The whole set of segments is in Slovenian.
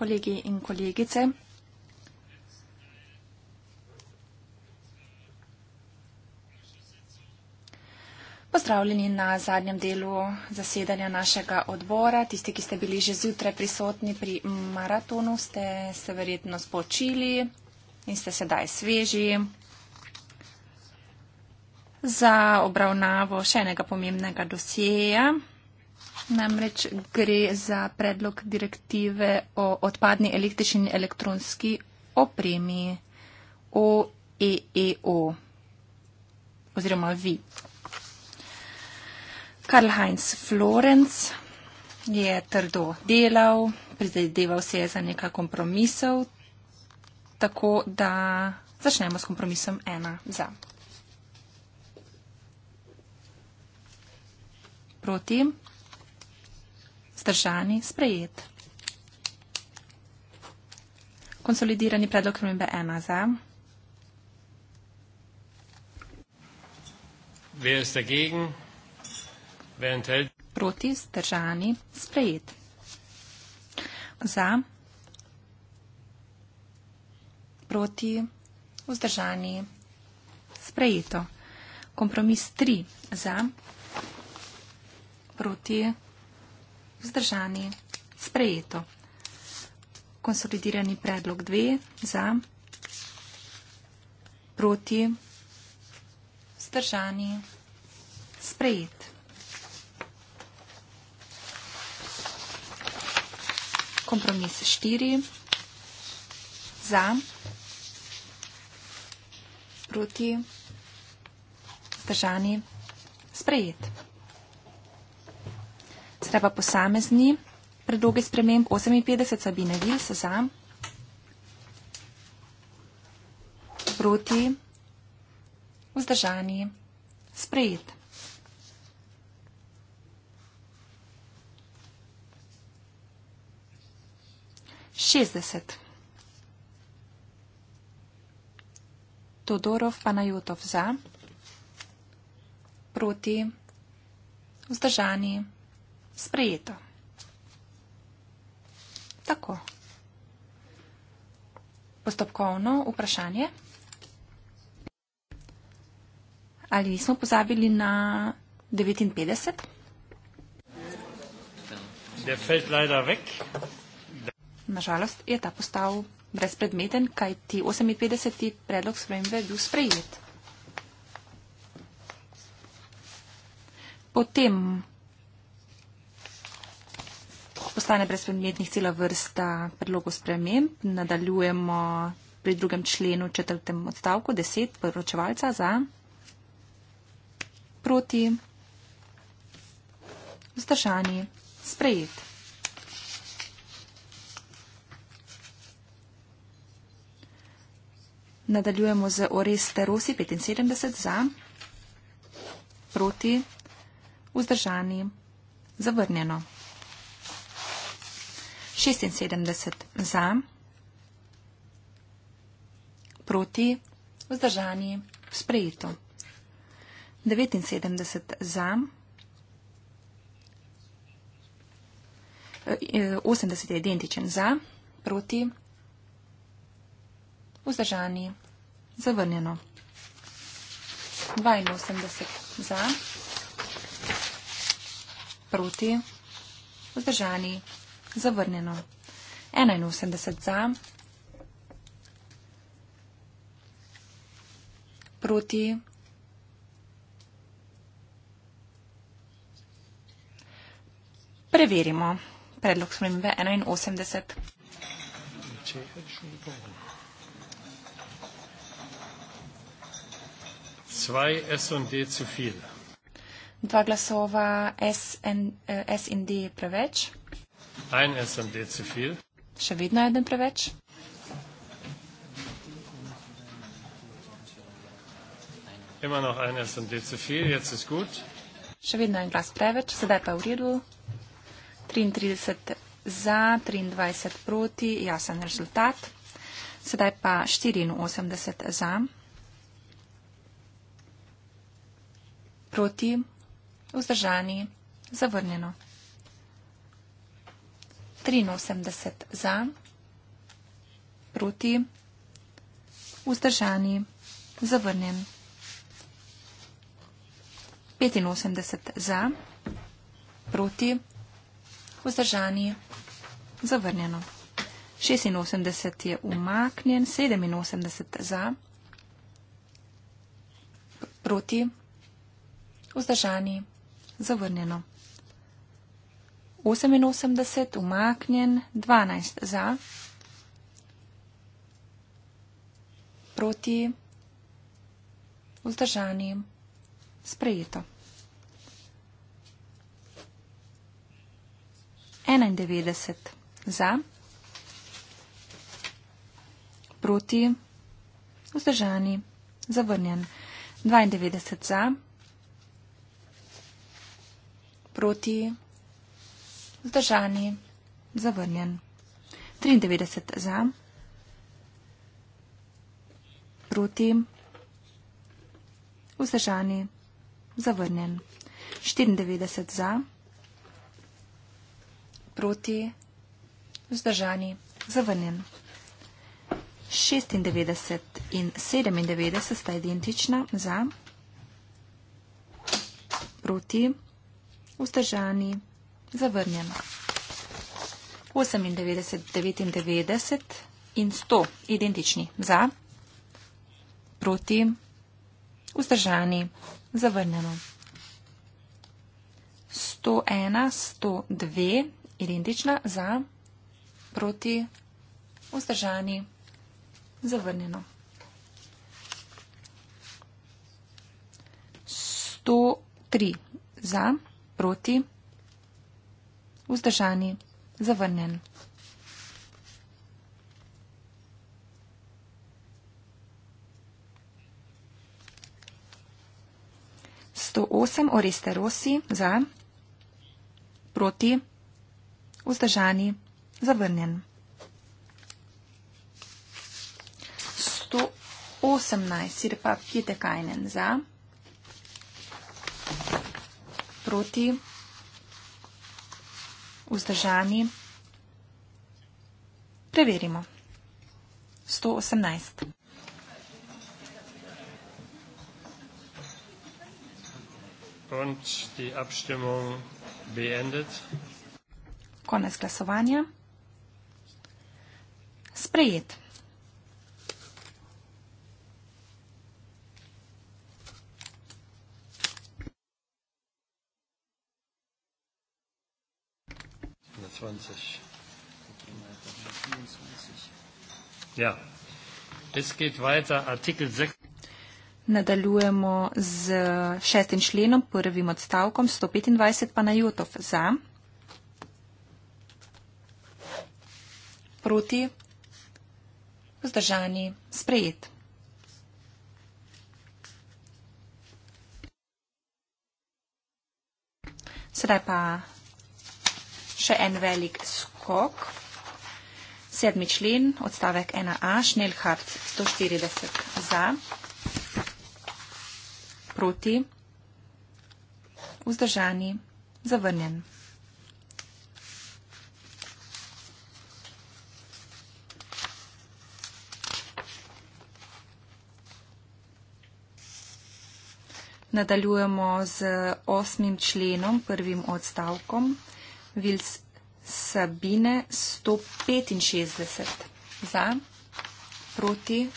kolegi in kolegice. Pozdravljeni na zadnjem delu zasedanja našega odbora. Tisti, ki ste bili že zjutraj prisotni pri maratonu, ste se verjetno spočili in ste sedaj sveži za obravnavo še enega pomembnega dosjeja Namreč gre za predlog direktive o odpadni električni elektronski opremi OEEO e e oziroma VI. Karl-Heinz Florenc je trdo delal, prizadeval se je za nekaj kompromisov, tako da začnemo s kompromisom ena za. Proti. Zdržani sprejet. Konsolidirani predlog krmembe ena za. Proti zdržani sprejet. Za. Proti vzdržani sprejeto. Kompromis tri za. Proti vzdržani sprejeto. Vzdržani. Sprejeto. Konsolidirani predlog dve za. Proti. Vzdržani. Sprejet. Kompromis štiri. Za. Proti. Vzdržani. Sprejet zdaj pa posamezni predloge sprememb 58 Sabine Vils za, proti, vzdržani, sprejet. Šestdeset. Todorov Panajotov za, proti, vzdržani, sprejet sprejeto. Tako. Postopkovno vprašanje. Ali nismo pozabili na 59? Nažalost je ta postal brezpredmeten, kaj ti 58. predlog spremembe bil sprejet. Potem postane brezpredmetnih cela vrsta predlogov sprememb. Nadaljujemo pri drugem členu četrtem odstavku 10 poročevalca za proti vzdržani sprejet. Nadaljujemo z Oreste Rosi 75 za proti vzdržani zavrnjeno. 76 za, proti, vzdržani, sprejeto. 79 za, 80 e, e, je identičen za, proti, vzdržani, zavrnjeno. 82 za, proti, vzdržani, zavrnjeno. Zavrnjeno. 81 za. Proti. Preverimo. Predlog spremembe 81. Dva glasova S eh, in D je preveč en sem decifil. Še vedno eden preveč. Imamo noh en sem decifil, je se skut. Še vedno en glas preveč, sedaj pa v redu. 33 za, 23 proti, jasen rezultat. Sedaj pa 84 za. Proti, vzdržani, zavrnjeno. 83 za, proti, vzdržani, zavrnjen. 85 za, proti, vzdržani, zavrnjeno. 86 je umaknjen, 87 za, proti, vzdržani, zavrnjeno. 88, umaknjen, 12 za, proti, vzdržani, sprejeto. 91 za, proti, vzdržani, zavrnjen. 92 za, proti, vzdržani. Zdržani. Zavrnjen. 93 za. Proti. Vzdržani. Zavrnjen. 94 za. Proti. Vzdržani. Zavrnjen. 96 in 97 sta identična za. Proti. Vzdržani. Zavrnjen zavrnjen. 98, 99 in 100 identični za, proti, vzdržani, zavrnjeno. 101, 102 identična za, proti, vzdržani, zavrnjeno. 103 za, proti, vzdržani vzdržani, zavrnjen. Sto osem oreste rosi za, proti, vzdržani, zavrnjen. Sto osemnajst sirpa pjetekajnen za, proti, vzdržani, zavrnjen vzdržani. Preverimo. 118. Konč ti abštemom beendet. Konec glasovanja. Sprejet. 25. Ja, es geht weiter, Artikel 6. Nadaljujemo z šestim členom, prvim odstavkom, 125 pa na Jotov za. Proti. Vzdržani. Sprejet. Sedaj pa še en velik skok. Sedmi člen, odstavek 1a, Šnelhardt 140 za, proti, vzdržani, zavrnjen. Nadaljujemo z osmim členom, prvim odstavkom. Vils Sabine 165 za, proti,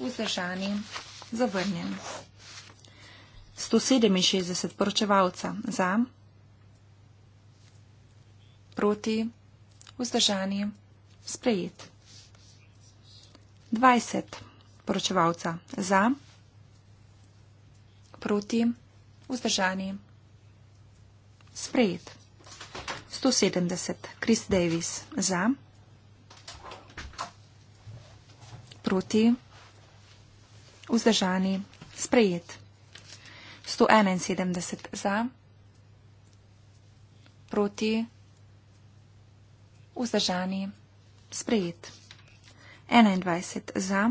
vzdržani, zavrnjen. 167 poročevalca za, proti, vzdržani, sprejet. 20 poročevalca za, proti, vzdržani, sprejet. 170. Chris Davis za. Proti. Vzdržani. Sprejet. 171 za. Proti. Vzdržani. Sprejet. 21 za.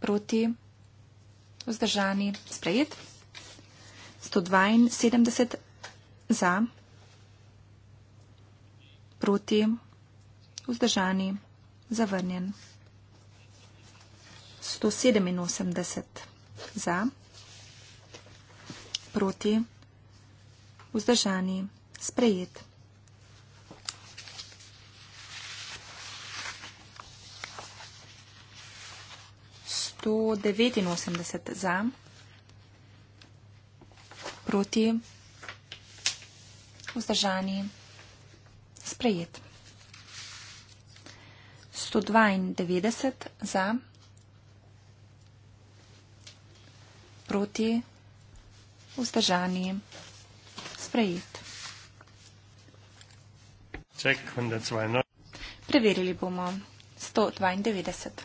Proti. Vzdržani. Sprejet. 172 za, proti, vzdržani, zavrnjen. 187 za, proti, vzdržani, sprejet. Sto devetinosemdeset za, proti, vzdržani, sprejet vzdržani, sprejet. 192 za, proti, vzdržani, sprejet. Preverili bomo. 192.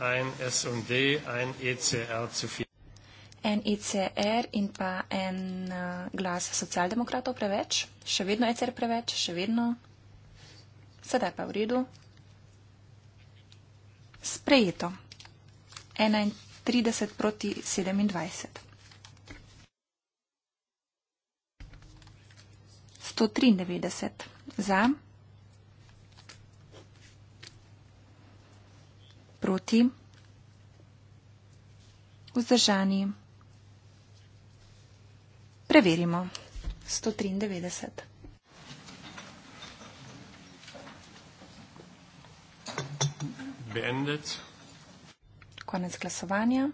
Ein S und D, ein ECR zu viel. NICR in pa en uh, glas socialdemokratov preveč, še vedno ECR preveč, še vedno. Sedaj pa v redu. Sprejeto. 31 proti 27. 193 za. Proti. Vzdržani. Preverimo. 193. Bendec. Konec glasovanja.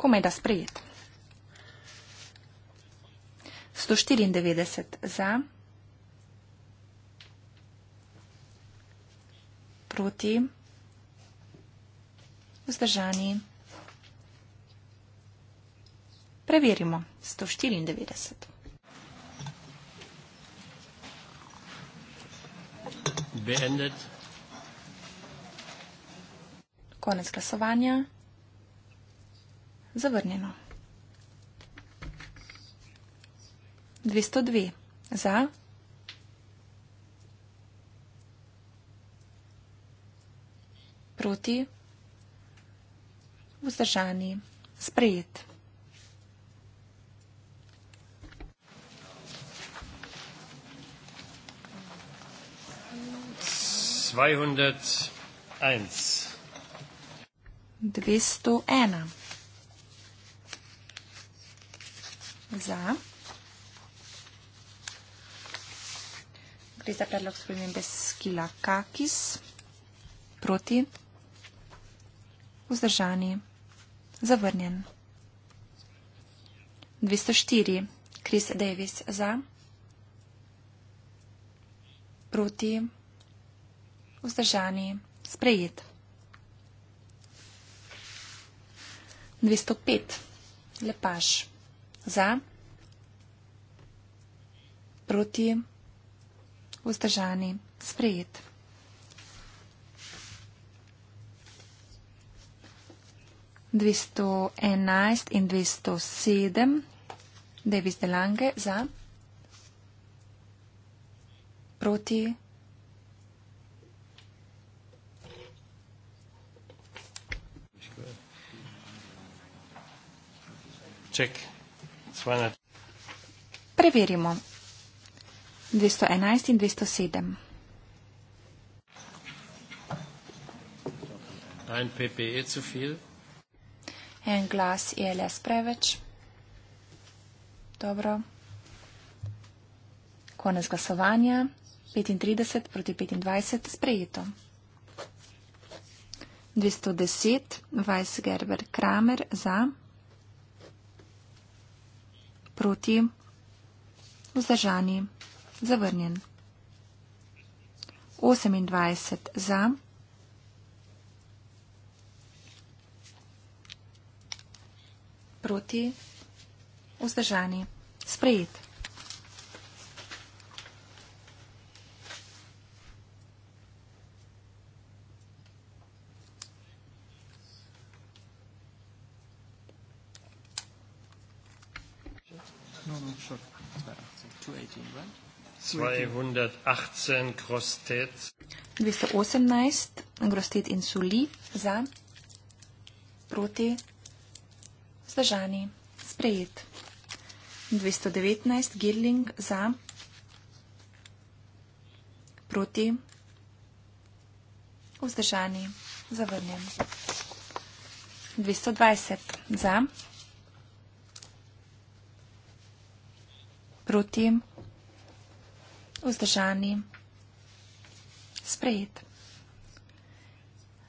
Komaj da sprejet. 194 za, proti vzdržani. Preverimo 194. Beendet. Konec glasovanja. Zavrnjeno. 202 za vzdržani. Sprejet. Dvesto ena. Za. Gre za predlog spremembe skila Kakis. Proti. Vzdržani. Zavrnjen. 204. Chris Davis za. Proti. Vzdržani. Sprejet. 205. Lepaš. Za. Proti. Vzdržani. Sprejet. 211 in 207. Davis de Lange za. Proti. Ček. Svane. Preverimo. 211 in 207. Ein PPE zu viel? En glas je les preveč. Dobro. Konec glasovanja. 35 proti 25 sprejeto. 210, Vajs Gerber Kramer za, proti, vzdržani, zavrnjen. 28 za, proti vzdržani. Sprejet. No, no, dvesto osemnajst grostet in soli za proti Zdržani. Sprejet. 219. Girling za. Proti. Vzdržani. Zavrnjen. 220. Za. Proti. Vzdržani. Sprejet.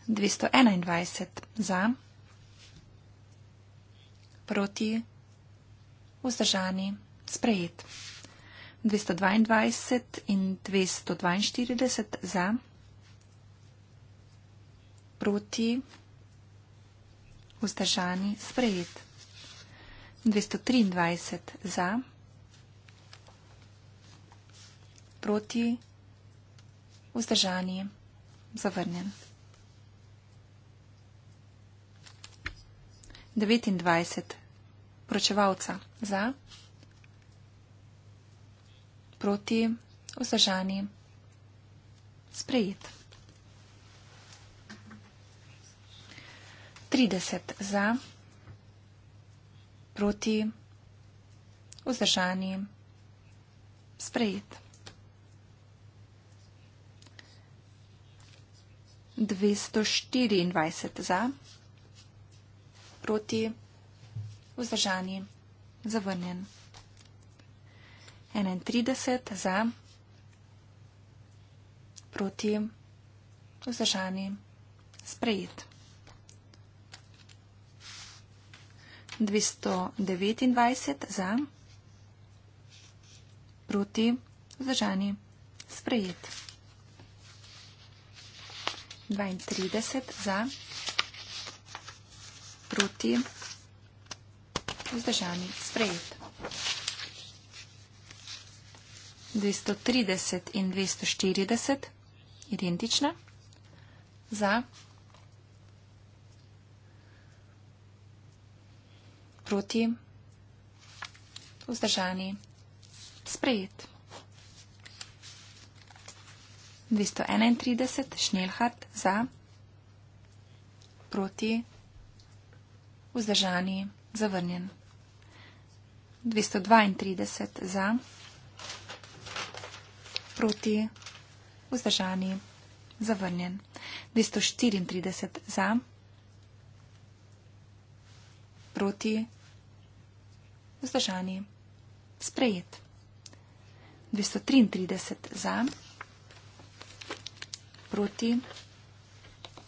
221. Za. Za proti, vzdržani, sprejet. 222 in 242 za, proti, vzdržani, sprejet. 223 za, proti, vzdržani, zavrnjen. 29 pročevalca za, proti, vzdržani, sprejet. 30 za, proti, vzdržani, sprejet. 224 za, proti, vzdržani, sprejet proti, vzdržani, zavrnjen. 31 za, proti, vzdržani, sprejet. 229 za, proti, vzdržani, sprejet. 32 za, proti, vzdržani, sprejet proti. Vzdržani. Sprejet. 230 in 240. Identična. Za. Proti. Vzdržani. Sprejet. 231. Šnelhard. Za. Proti vzdržani, zavrnjen. 232 za, proti, vzdržani, zavrnjen. 234 za, proti, vzdržani, sprejet. 233 za, proti,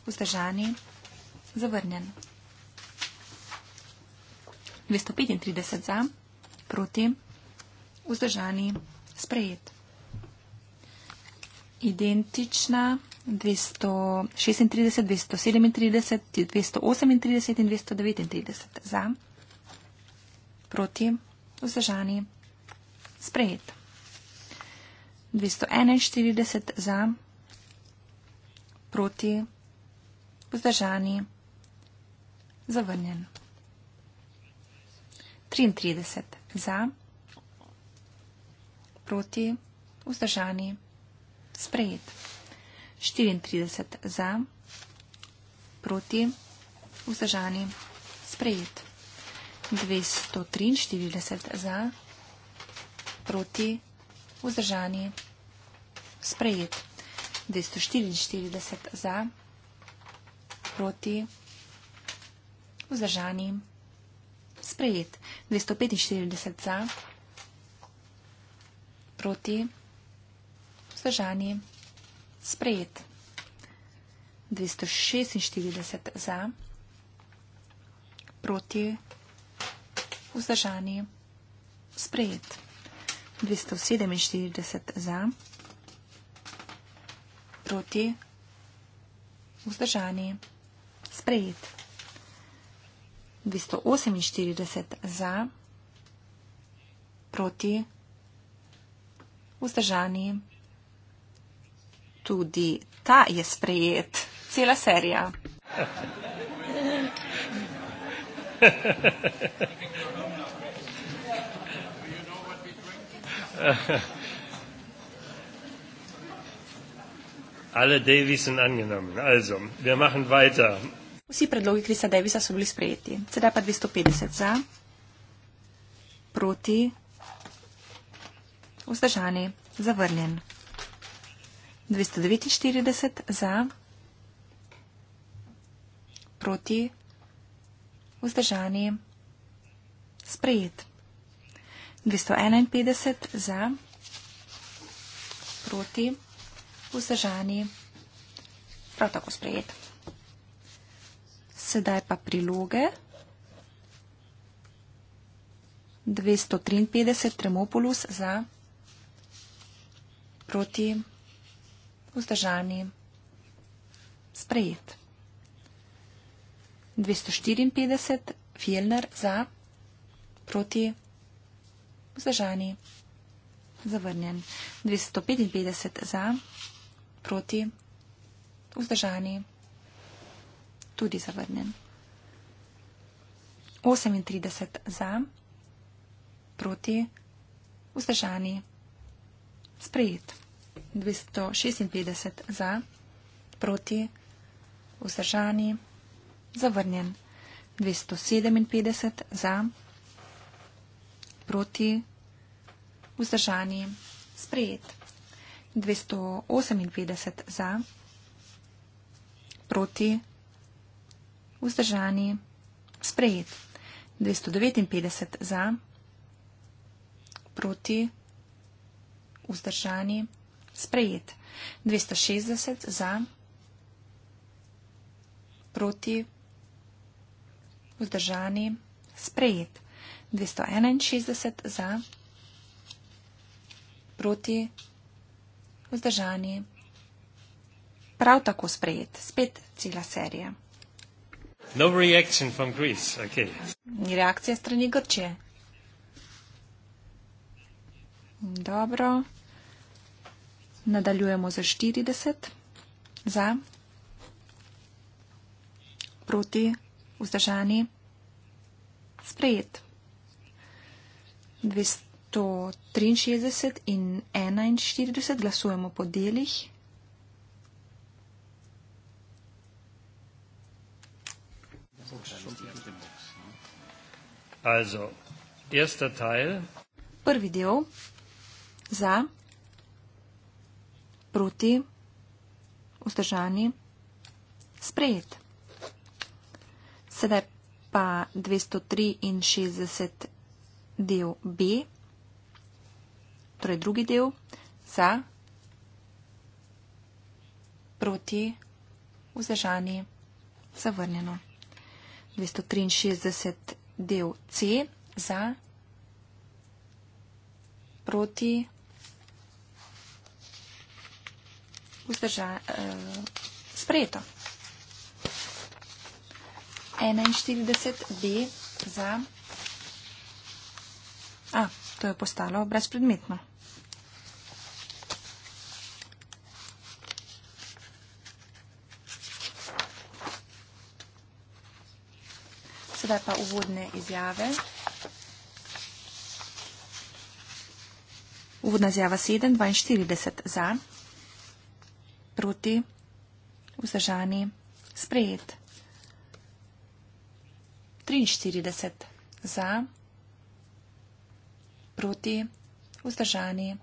vzdržani, zavrnjen. 235 za, proti, vzdržani, sprejet. Identična 236, 237, 238 in 239 za, proti, vzdržani, sprejet. 241 za, proti, vzdržani, zavrnjen. 33 za, proti, vzdržani, sprejet. 34 za, proti, vzdržani, sprejet. 243 za, proti, vzdržani, sprejet. 244 za, proti, vzdržani, sprejet sprejet. 245 za, proti, vzdržani, sprejet. 246 za, proti, vzdržani, sprejet. 247 za, proti, vzdržani, sprejet. 248 za, proti, vzdržani. Tudi ta je sprejet, cela serija. Alle Davies sind angenommen. Also, wir machen weiter. Vsi predlogi Krista Devisa so bili sprejeti. Sedaj pa 250 za, proti, vzdržani, zavrnjen. 249 za, proti, vzdržani, sprejet. 251 za, proti, vzdržani, prav tako sprejet. Sedaj pa priloge. 253 tremopulus za proti vzdržani sprejet. 254 fjelner za proti vzdržani zavrnjen. 255 za proti vzdržani sprejet tudi zavrnjen. 38 za, proti, vzdržani, sprejet. 256 za, proti, vzdržani, zavrnjen. 257 za, proti, vzdržani, sprejet. 258 za, proti, vzdržani vzdržani, sprejet. 259 za, proti, vzdržani, sprejet. 260 za, proti, vzdržani, sprejet. 261 za, proti, vzdržani, prav tako sprejet. Spet cela serija. No reaction from Greece, okay. Ni reakcije strani Grčije. Dobro. Nadaljujemo za 40. Za. Proti. Vzdržani. Sprejet. 263 in 41 glasujemo po delih. Also, erster Teil. Prvi del. Za. Proti. Vzdržani. Sprejet. Sedaj pa 263 del B. Torej drugi del. Za. Proti. Vzdržani. Zavrnjeno. 263 del B del C za proti vzdrža, eh, sprejeto. 41b za. A, to je postalo brezpredmetno. Sedaj pa uvodne izjave. Uvodna izjava 7, 42 za, proti, vzdržani, sprejet. 43 za, proti, vzdržani,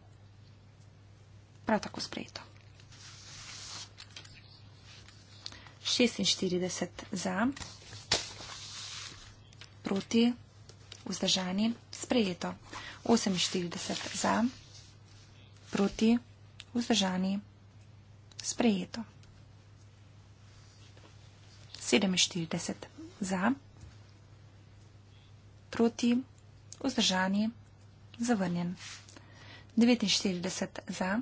prav tako sprejeto. 46 za, proti, vzdržani, sprejeto. 48 za, proti, vzdržani, sprejeto. 47 za, proti, vzdržani, zavrnjen. 49 za,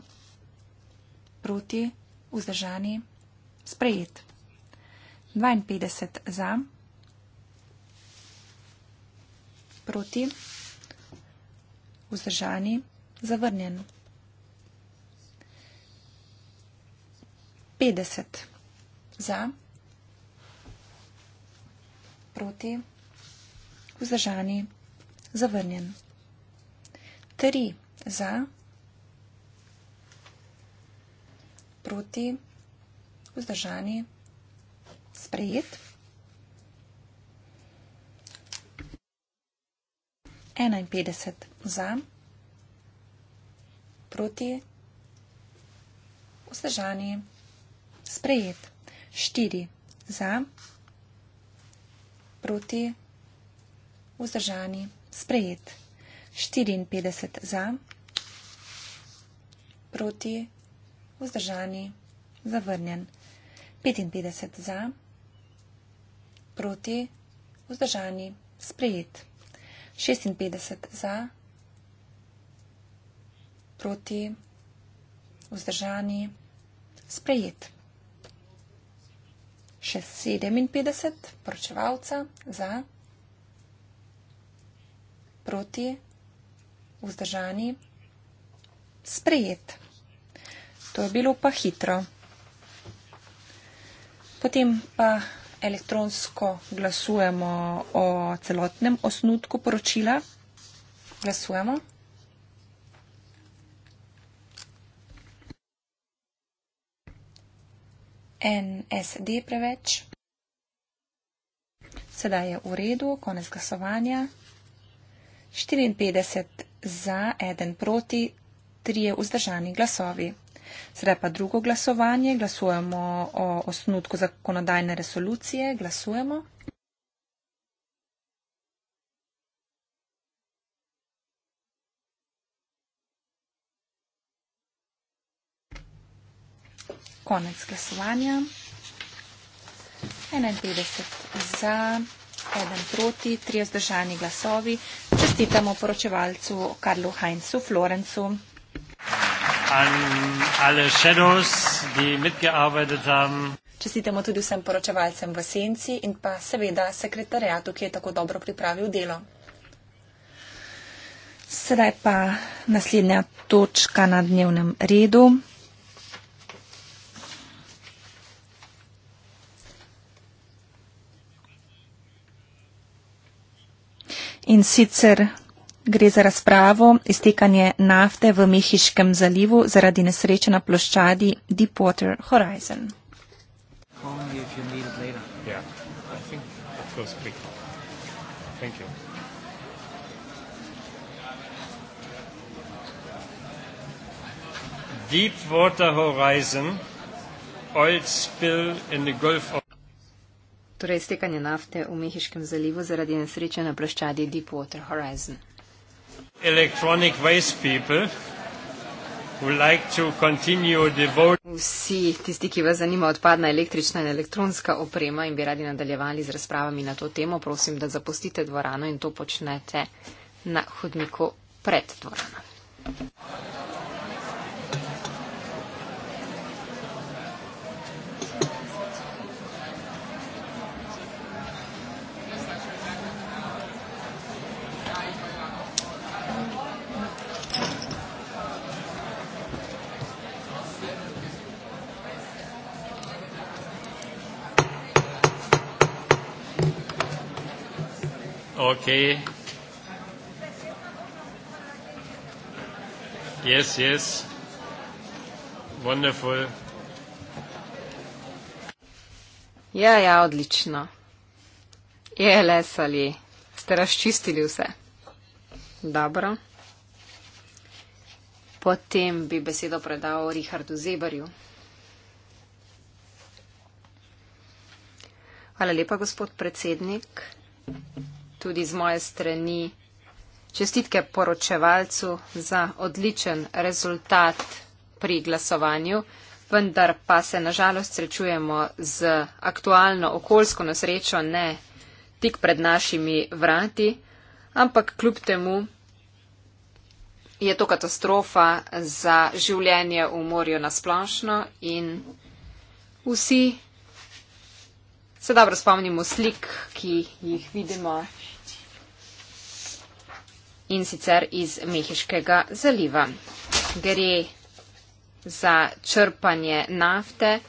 proti, vzdržani, sprejet. 52 za, proti, vzdržani, sprejet. proti, vzdržani, zavrnjen. 50 za, proti, vzdržani, zavrnjen. 3 za, proti, vzdržani, sprejet. 51 za, proti, vzdržani, sprejet. 4 za, proti, vzdržani, sprejet. 54 za, proti, vzdržani, zavrnjen. 55 za, proti, vzdržani, sprejet. 56 za, proti, vzdržani, sprejet. Še 57 poročevalca za, proti, vzdržani, sprejet. To je bilo pa hitro. Potem pa elektronsko glasujemo o celotnem osnutku poročila. Glasujemo. NSD preveč. Sedaj je v redu, konec glasovanja. 54 za, 1 proti, 3 vzdržani glasovi. Sedaj pa drugo glasovanje. Glasujemo o osnutku zakonodajne resolucije. Glasujemo. Konec glasovanja. 51 za, 1 proti, 3 vzdržani glasovi. Čestitamo poročevalcu Karlu Heinzu Florencu an alle Shadows, die mitgearbeitet haben. Čestitamo tudi vsem poročevalcem v senci in pa seveda sekretarjatu, ki je tako dobro pripravil delo. Sedaj pa naslednja točka na dnevnem redu. In sicer Gre za razpravo iztekanje nafte v Mehiškem zalivu zaradi nesreče na ploščadi Deepwater Horizon. Torej, iztekanje nafte v Mehiškem zalivu zaradi nesreče na ploščadi Deepwater Horizon. Vsi tisti, ki vas zanima odpadna električna in elektronska oprema in bi radi nadaljevali z razpravami na to temo, prosim, da zapustite dvorano in to počnete na hodniku pred dvorano. Ok. Yes, yes. Wonderful. Ja, ja, odlično. Je les ali ste razčistili vse? Dobro. Potem bi besedo predal Richardu Zebarju. Hvala lepa, gospod predsednik tudi z moje strani čestitke poročevalcu za odličen rezultat pri glasovanju, vendar pa se nažalost srečujemo z aktualno okoljsko nesrečo, ne tik pred našimi vrati, ampak kljub temu je to katastrofa za življenje v morju nasplošno in vsi se dobro spomnimo slik, ki jih vidimo in sicer iz Mehiškega zaliva. Gre za črpanje nafte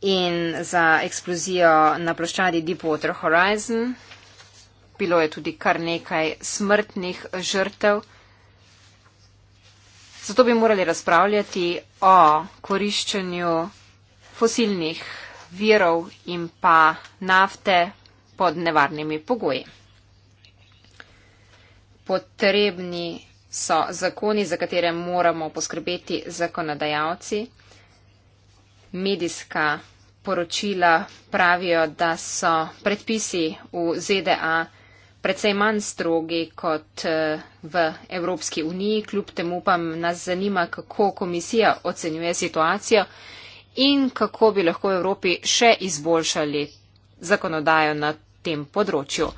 in za eksplozijo na ploščadi Deepwater Horizon. Bilo je tudi kar nekaj smrtnih žrtev. Zato bi morali razpravljati o koriščenju fosilnih virov in pa nafte pod nevarnimi pogoji potrebni so zakoni, za katere moramo poskrbeti zakonodajalci. Medijska poročila pravijo, da so predpisi v ZDA predvsej manj strogi kot eh, v Evropski uniji. Kljub temu pa nas zanima, kako komisija ocenjuje situacijo in kako bi lahko v Evropi še izboljšali zakonodajo na tem področju.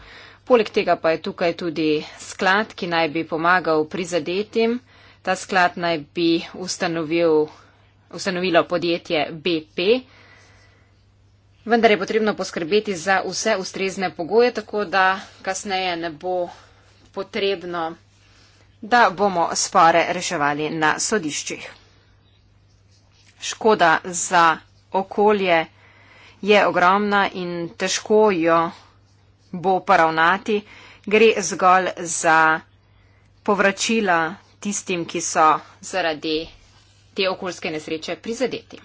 Poleg tega pa je tukaj tudi sklad, ki naj bi pomagal prizadetim. Ta sklad naj bi ustanovil, ustanovilo podjetje BP. Vendar je potrebno poskrbeti za vse ustrezne pogoje, tako da kasneje ne bo potrebno, da bomo spore reševali na sodiščih. Škoda za okolje je ogromna in težko jo bo poravnati, gre zgolj za povračila tistim, ki so zaradi te okoljske nesreče prizadeti.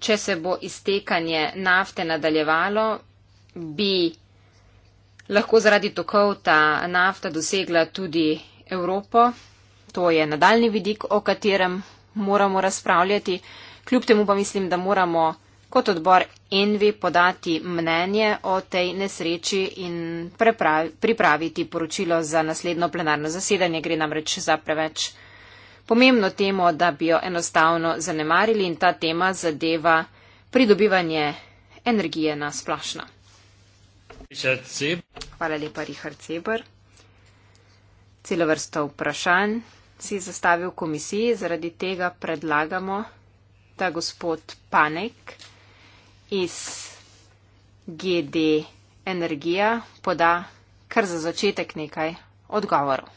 Če se bo iztekanje nafte nadaljevalo, bi lahko zaradi tokov ta nafta dosegla tudi Evropo. To je nadaljni vidik, o katerem moramo razpravljati. Kljub temu pa mislim, da moramo kot odbor Envi podati mnenje o tej nesreči in pripraviti poročilo za naslednjo plenarno zasedanje. Gre namreč za preveč pomembno temo, da bi jo enostavno zanemarili in ta tema zadeva pridobivanje energije na splošno. Hvala lepa, Richard Seber. Celo vrsto vprašanj si zastavil komisiji, zaradi tega predlagamo, da gospod Panek iz GD Energija poda kar za začetek nekaj odgovorov.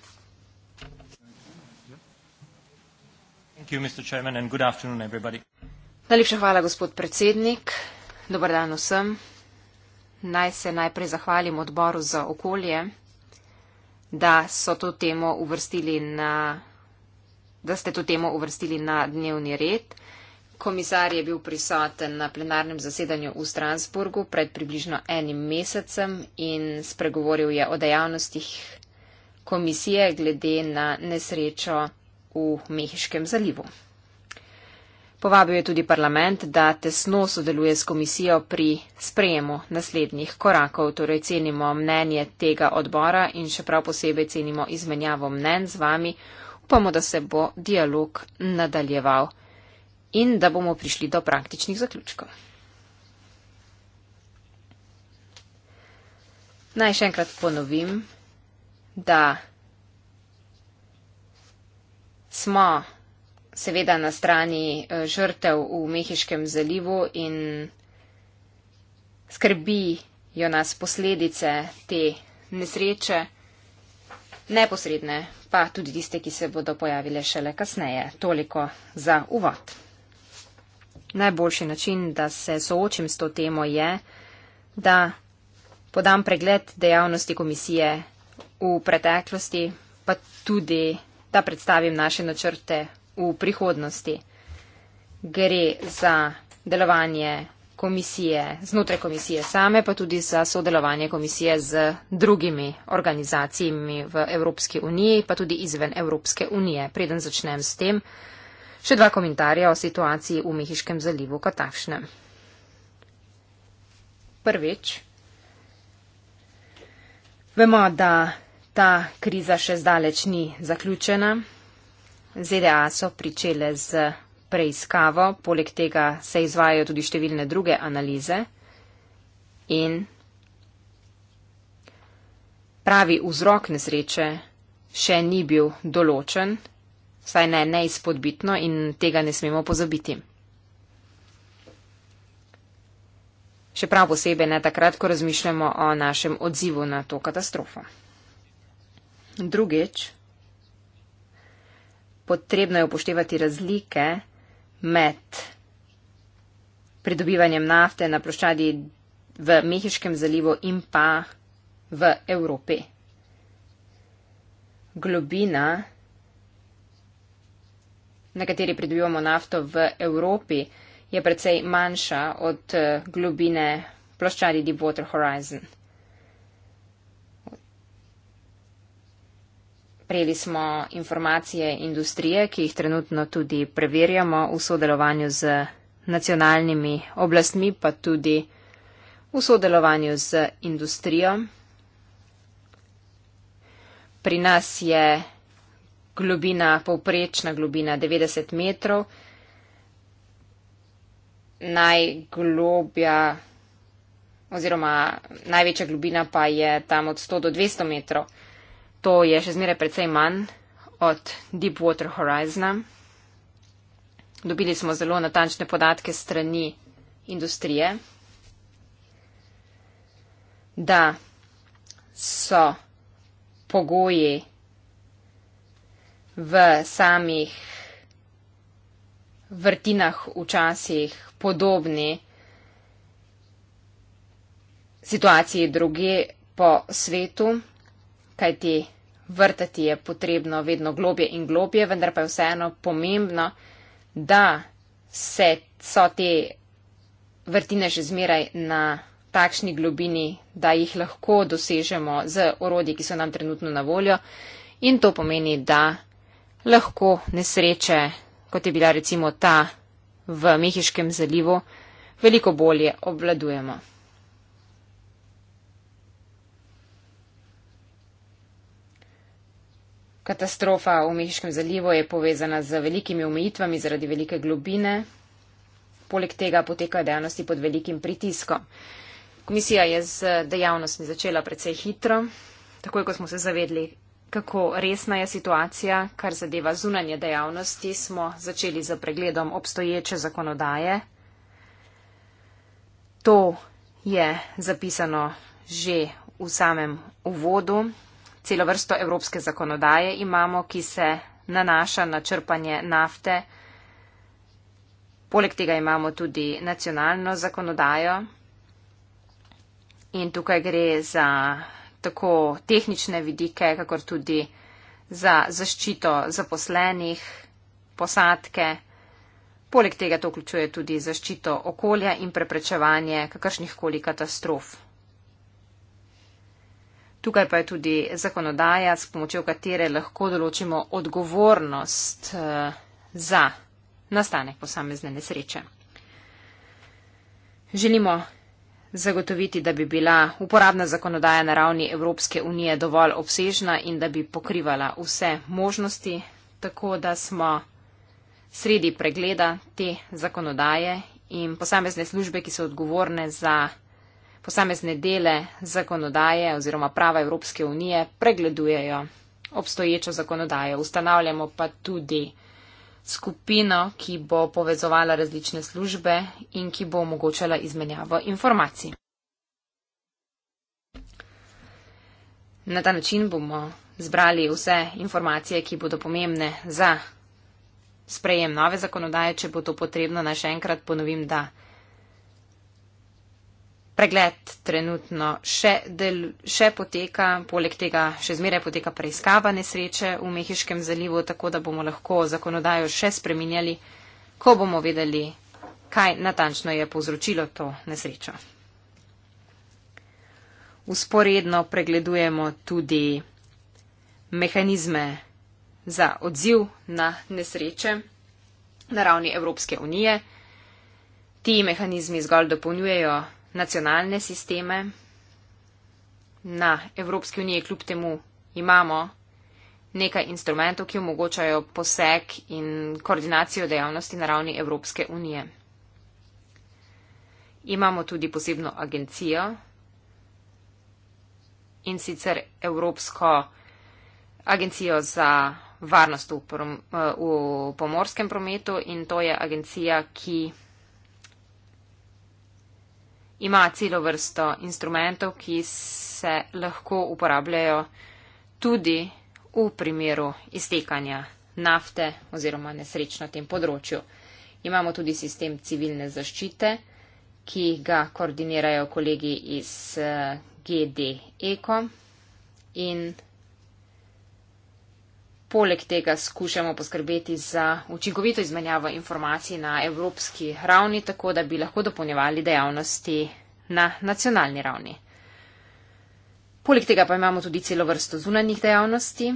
Najlepša hvala, gospod predsednik. Dobar dan vsem. Naj se najprej zahvalim odboru za okolje, da, to na, da ste to temo uvrstili na dnevni red. Komisar je bil prisoten na plenarnem zasedanju v Strasburgu pred približno enim mesecem in spregovoril je o dejavnostih komisije glede na nesrečo v Mehiškem zalivu. Povabil je tudi parlament, da tesno sodeluje s komisijo pri sprejemu naslednjih korakov, torej cenimo mnenje tega odbora in še prav posebej cenimo izmenjavo mnen z vami, upamo, da se bo dialog nadaljeval in da bomo prišli do praktičnih zaključkov. Naj še enkrat ponovim, da smo seveda na strani eh, žrtev v Mehiškem zalivu in skrbi jo nas posledice te nesreče, neposredne pa tudi tiste, ki se bodo pojavile šele kasneje. Toliko za uvod najboljši način, da se soočim s to temo, je, da podam pregled dejavnosti komisije v preteklosti, pa tudi, da predstavim naše načrte v prihodnosti. Gre za delovanje komisije, znotraj komisije same, pa tudi za sodelovanje komisije z drugimi organizacijami v Evropski uniji, pa tudi izven Evropske unije. Preden začnem s tem, Še dva komentarja o situaciji v Mehiškem zalivu kot takšnem. Prvič, vemo, da ta kriza še zdaleč ni zaključena. ZDA so pričele z preiskavo, poleg tega se izvajajo tudi številne druge analize in pravi vzrok nesreče še ni bil določen. Vsaj ne, ne izpodbitno in tega ne smemo pozabiti. Še prav posebej ne takrat, ko razmišljamo o našem odzivu na to katastrofo. Drugič, potrebno je upoštevati razlike med pridobivanjem nafte na proščadi v Mehiškem zalivu in pa v Evropi. Globina na kateri pridobivamo nafto v Evropi, je precej manjša od eh, globine ploščadi Deepwater Horizon. Prijeli smo informacije industrije, ki jih trenutno tudi preverjamo v sodelovanju z nacionalnimi oblastmi, pa tudi v sodelovanju z industrijo. Pri nas je globina, povprečna globina 90 metrov, najglobja oziroma največja globina pa je tam od 100 do 200 metrov. To je še zmeraj precej manj od Deepwater Horizona. Dobili smo zelo natančne podatke strani industrije, da so pogoji v samih vrtinah včasih podobni situaciji druge po svetu, kajti vrtati je potrebno vedno globje in globje, vendar pa je vseeno pomembno, da se so te vrtine že zmeraj na takšni globini, da jih lahko dosežemo z orodji, ki so nam trenutno na voljo. In to pomeni, da lahko nesreče, kot je bila recimo ta v Mehiškem zalivu, veliko bolje obvladujemo. Katastrofa v Mehiškem zalivu je povezana z velikimi omejitvami zaradi velike globine. Poleg tega potekajo dejavnosti pod velikim pritiskom. Komisija je z dejavnostmi začela precej hitro, takoj ko smo se zavedli, kako resna je situacija, kar zadeva zunanje dejavnosti, smo začeli za pregledom obstoječe zakonodaje. To je zapisano že v samem uvodu. Celo vrsto evropske zakonodaje imamo, ki se nanaša na črpanje nafte. Poleg tega imamo tudi nacionalno zakonodajo. In tukaj gre za tako tehnične vidike, kakor tudi za zaščito zaposlenih, posadke. Poleg tega to vključuje tudi zaščito okolja in preprečevanje kakršnih koli katastrof. Tukaj pa je tudi zakonodaja, s pomočjo katere lahko določimo odgovornost eh, za nastanek posamezne nesreče. Želimo zagotoviti, da bi bila uporabna zakonodaja na ravni Evropske unije dovolj obsežna in da bi pokrivala vse možnosti, tako da smo sredi pregleda te zakonodaje in posamezne službe, ki so odgovorne za posamezne dele zakonodaje oziroma prava Evropske unije, pregledujejo obstoječo zakonodajo. Ustanavljamo pa tudi skupino, ki bo povezovala različne službe in ki bo omogočala izmenjavo informacij. Na ta način bomo zbrali vse informacije, ki bodo pomembne za sprejem nove zakonodaje, če bo to potrebno. Naj še enkrat ponovim, da. Pregled trenutno še, del, še poteka, poleg tega še zmeraj poteka preiskava nesreče v Mehiškem zalivu, tako da bomo lahko zakonodajo še spreminjali, ko bomo vedeli, kaj natančno je povzročilo to nesrečo. Usporedno pregledujemo tudi mehanizme za odziv na nesreče na ravni Evropske unije. Ti mehanizmi zgolj dopolnjujejo nacionalne sisteme. Na Evropski uniji kljub temu imamo nekaj instrumentov, ki omogočajo poseg in koordinacijo dejavnosti na ravni Evropske unije. Imamo tudi posebno agencijo in sicer Evropsko agencijo za varnost v, prom, v pomorskem prometu in to je agencija, ki ima celo vrsto instrumentov, ki se lahko uporabljajo tudi v primeru iztekanja nafte oziroma nesreč na tem področju. Imamo tudi sistem civilne zaščite, ki ga koordinirajo kolegi iz eh, GD Eko in poleg tega skušamo poskrbeti za učinkovito izmenjavo informacij na evropski ravni, tako da bi lahko dopolnjevali dejavnosti na nacionalni ravni. Poleg tega pa imamo tudi celo vrsto zunanjih dejavnosti.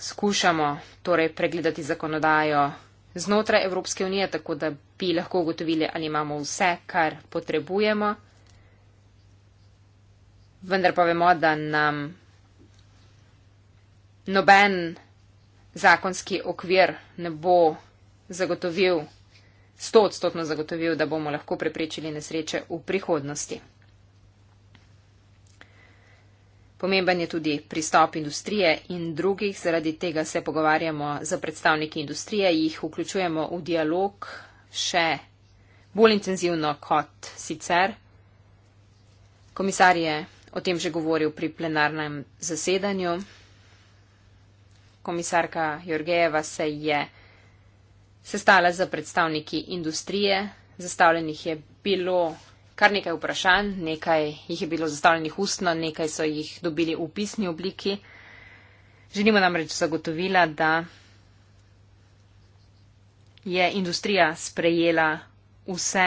Skušamo torej pregledati zakonodajo znotraj Evropske unije, tako da bi lahko ugotovili, ali imamo vse, kar potrebujemo. Vendar pa vemo, da nam noben zakonski okvir ne bo zagotovil, sto odstotno zagotovil, da bomo lahko preprečili nesreče v prihodnosti. Pomemben je tudi pristop industrije in drugih, zaradi tega se pogovarjamo z predstavniki industrije, jih vključujemo v dialog še bolj intenzivno kot sicer. Komisar je o tem že govoril pri plenarnem zasedanju komisarka Jorgejeva se je sestala za predstavniki industrije, zastavljenih je bilo kar nekaj vprašanj, nekaj jih je bilo zastavljenih ustno, nekaj so jih dobili v pisni obliki. Želimo namreč zagotovila, da je industrija sprejela vse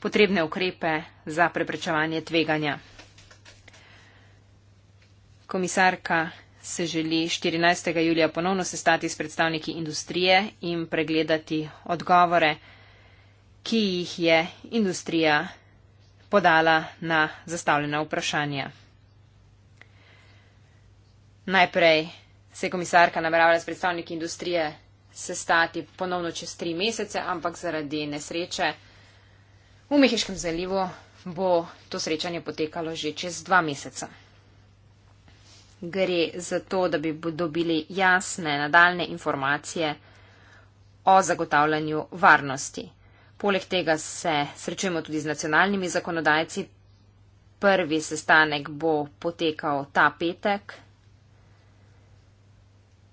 potrebne ukrepe za preprečevanje tveganja. Komisarka se želi 14. julija ponovno sestati s predstavniki industrije in pregledati odgovore, ki jih je industrija podala na zastavljena vprašanja. Najprej se je komisarka nameravala s predstavniki industrije sestati ponovno čez tri mesece, ampak zaradi nesreče v Mehiškem zalivu bo to srečanje potekalo že čez dva meseca gre za to, da bi dobili jasne nadaljne informacije o zagotavljanju varnosti. Poleg tega se srečujemo tudi z nacionalnimi zakonodajci. Prvi sestanek bo potekal ta petek.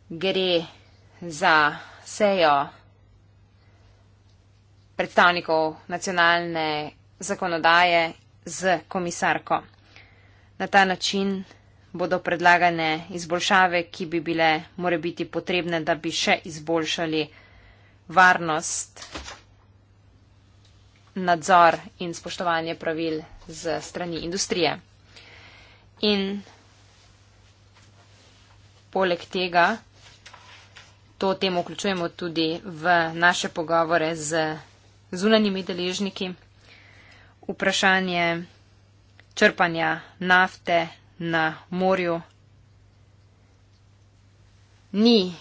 Gre za sejo predstavnikov nacionalne zakonodaje z komisarko. Na ta način bodo predlagane izboljšave, ki bi bile more biti potrebne, da bi še izboljšali varnost, nadzor in spoštovanje pravil z strani industrije. In poleg tega, to temo vključujemo tudi v naše pogovore z zunanjimi deležniki, vprašanje črpanja nafte na morju. Ni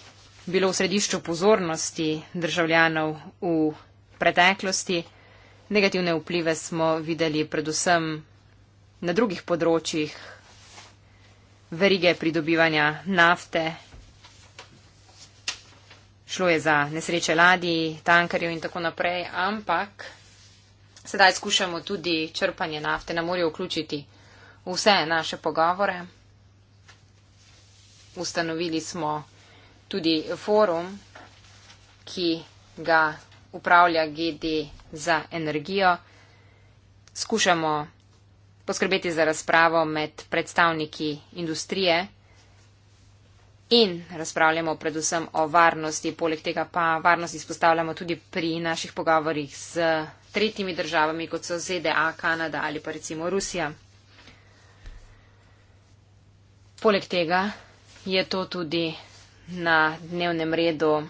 bilo v središču pozornosti državljanov v preteklosti. Negativne vplive smo videli predvsem na drugih področjih verige pridobivanja nafte. Šlo je za nesreče ladij, tankarjev in tako naprej, ampak sedaj skušamo tudi črpanje nafte na morju vključiti vse naše pogovore. Ustanovili smo tudi forum, ki ga upravlja GD za energijo. Skušamo poskrbeti za razpravo med predstavniki industrije in razpravljamo predvsem o varnosti. Poleg tega pa varnost izpostavljamo tudi pri naših pogovorjih z tretjimi državami, kot so ZDA, Kanada ali pa recimo Rusija. Poleg tega je to tudi na dnevnem redu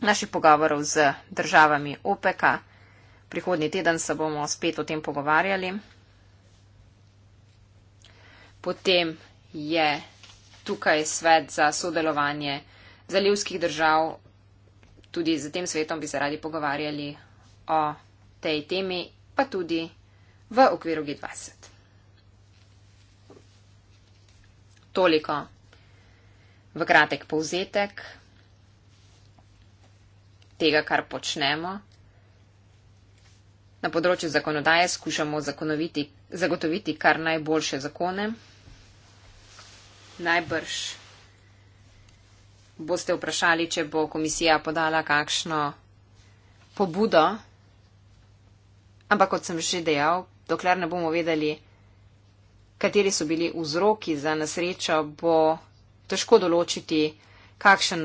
naših pogovorov z državami OPEK. -a. Prihodnji teden se bomo spet o tem pogovarjali. Potem je tukaj svet za sodelovanje zalivskih držav. Tudi z tem svetom bi se radi pogovarjali o tej temi, pa tudi v okviru G20. Toliko. V kratek povzetek tega, kar počnemo. Na področju zakonodaje skušamo zagotoviti kar najboljše zakone. Najbrž boste vprašali, če bo komisija podala kakšno pobudo, ampak kot sem že dejal, dokler ne bomo vedeli, kateri so bili vzroki za nesrečo, bo težko določiti, kakšen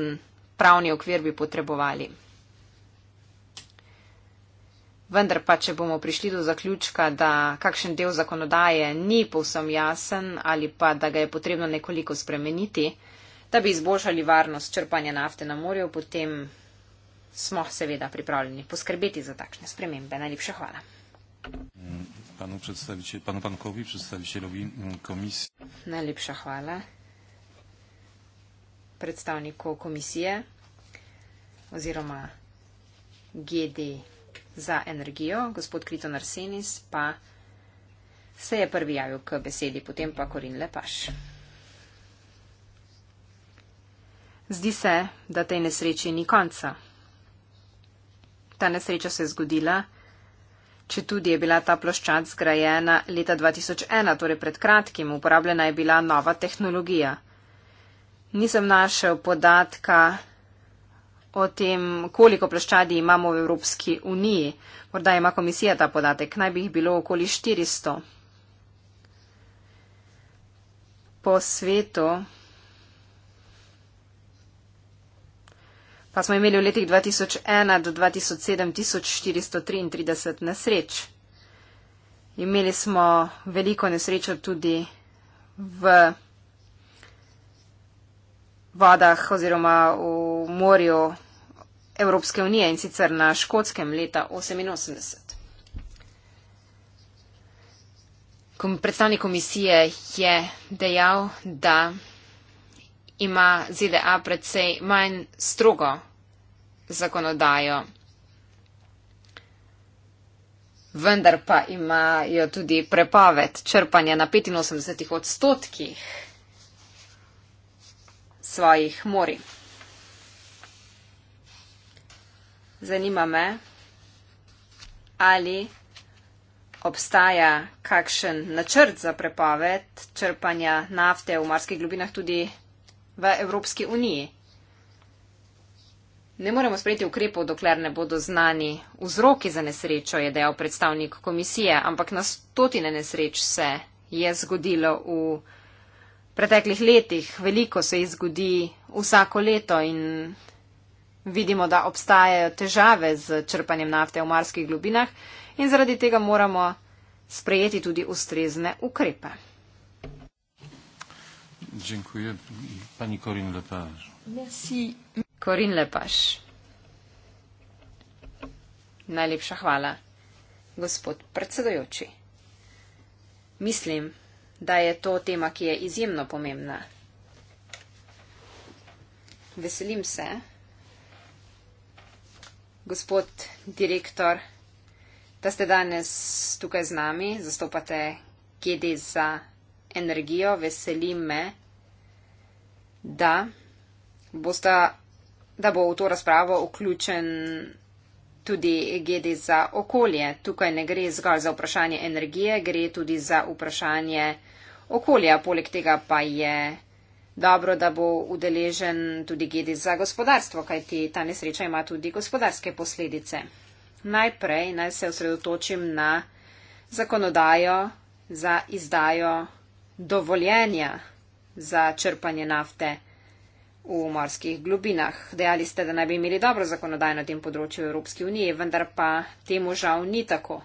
pravni okvir bi potrebovali. Vendar pa, če bomo prišli do zaključka, da kakšen del zakonodaje ni povsem jasen ali pa da ga je potrebno nekoliko spremeniti, da bi izboljšali varnost črpanja nafte na morju, potem smo seveda pripravljeni poskrbeti za takšne spremembe. Najlepša hvala panu, przedstawiciel, panu Pankowi, przedstawicielowi mm, komisji. Najlepsza chwala predstavniku komisije oziroma GD za energijo, gospod Kriton Arsenis, pa se je prvi javil k besedi, potem pa Korin Lepaš. Zdi se, da tej nesreči ni konca. Ta nesreča se je zgodila Če tudi je bila ta ploščad zgrajena leta 2001, torej pred kratkim, uporabljena je bila nova tehnologija. Nisem našel podatka o tem, koliko ploščadi imamo v Evropski uniji. Morda ima komisija ta podatek, naj bi jih bilo okoli 400. Po svetu pa smo imeli v letih 2001 do 2007 1433 nesreč. Imeli smo veliko nesrečo tudi v vodah oziroma v morju Evropske unije in sicer na škotskem leta 1988. Predstavnik komisije je dejal, da ima ZDA predvsej manj strogo zakonodajo, vendar pa imajo tudi prepoved črpanja na 85 odstotkih svojih mori. Zanima me, ali obstaja kakšen načrt za prepoved črpanja nafte v marskih globinah tudi v Evropski uniji. Ne moremo sprejeti ukrepov, dokler ne bodo znani vzroki za nesrečo, je dejal predstavnik komisije, ampak na stotine nesreč se je zgodilo v preteklih letih, veliko se jih zgodi vsako leto in vidimo, da obstajajo težave z črpanjem nafte v marskih globinah in zaradi tega moramo sprejeti tudi ustrezne ukrepe. Dziękuję. Pani Corinne Lepage. Merci. Corinne Lepage. Najlepša hvala, gospod predsedojoči. Mislim, da je to tema, ki je izjemno pomembna. Veselim se, gospod direktor, da ste danes tukaj z nami, zastopate GD za energijo, veseli me, da, bosta, da bo v to razpravo vključen tudi GD za okolje. Tukaj ne gre zgolj za vprašanje energije, gre tudi za vprašanje okolja. Poleg tega pa je dobro, da bo udeležen tudi GD za gospodarstvo, kajti ta nesreča ima tudi gospodarske posledice. Najprej naj se osredotočim na zakonodajo za izdajo dovoljenja za črpanje nafte v morskih globinah. Dejali ste, da naj bi imeli dobro zakonodajo na tem področju v Evropski uniji, vendar pa temu žal ni tako.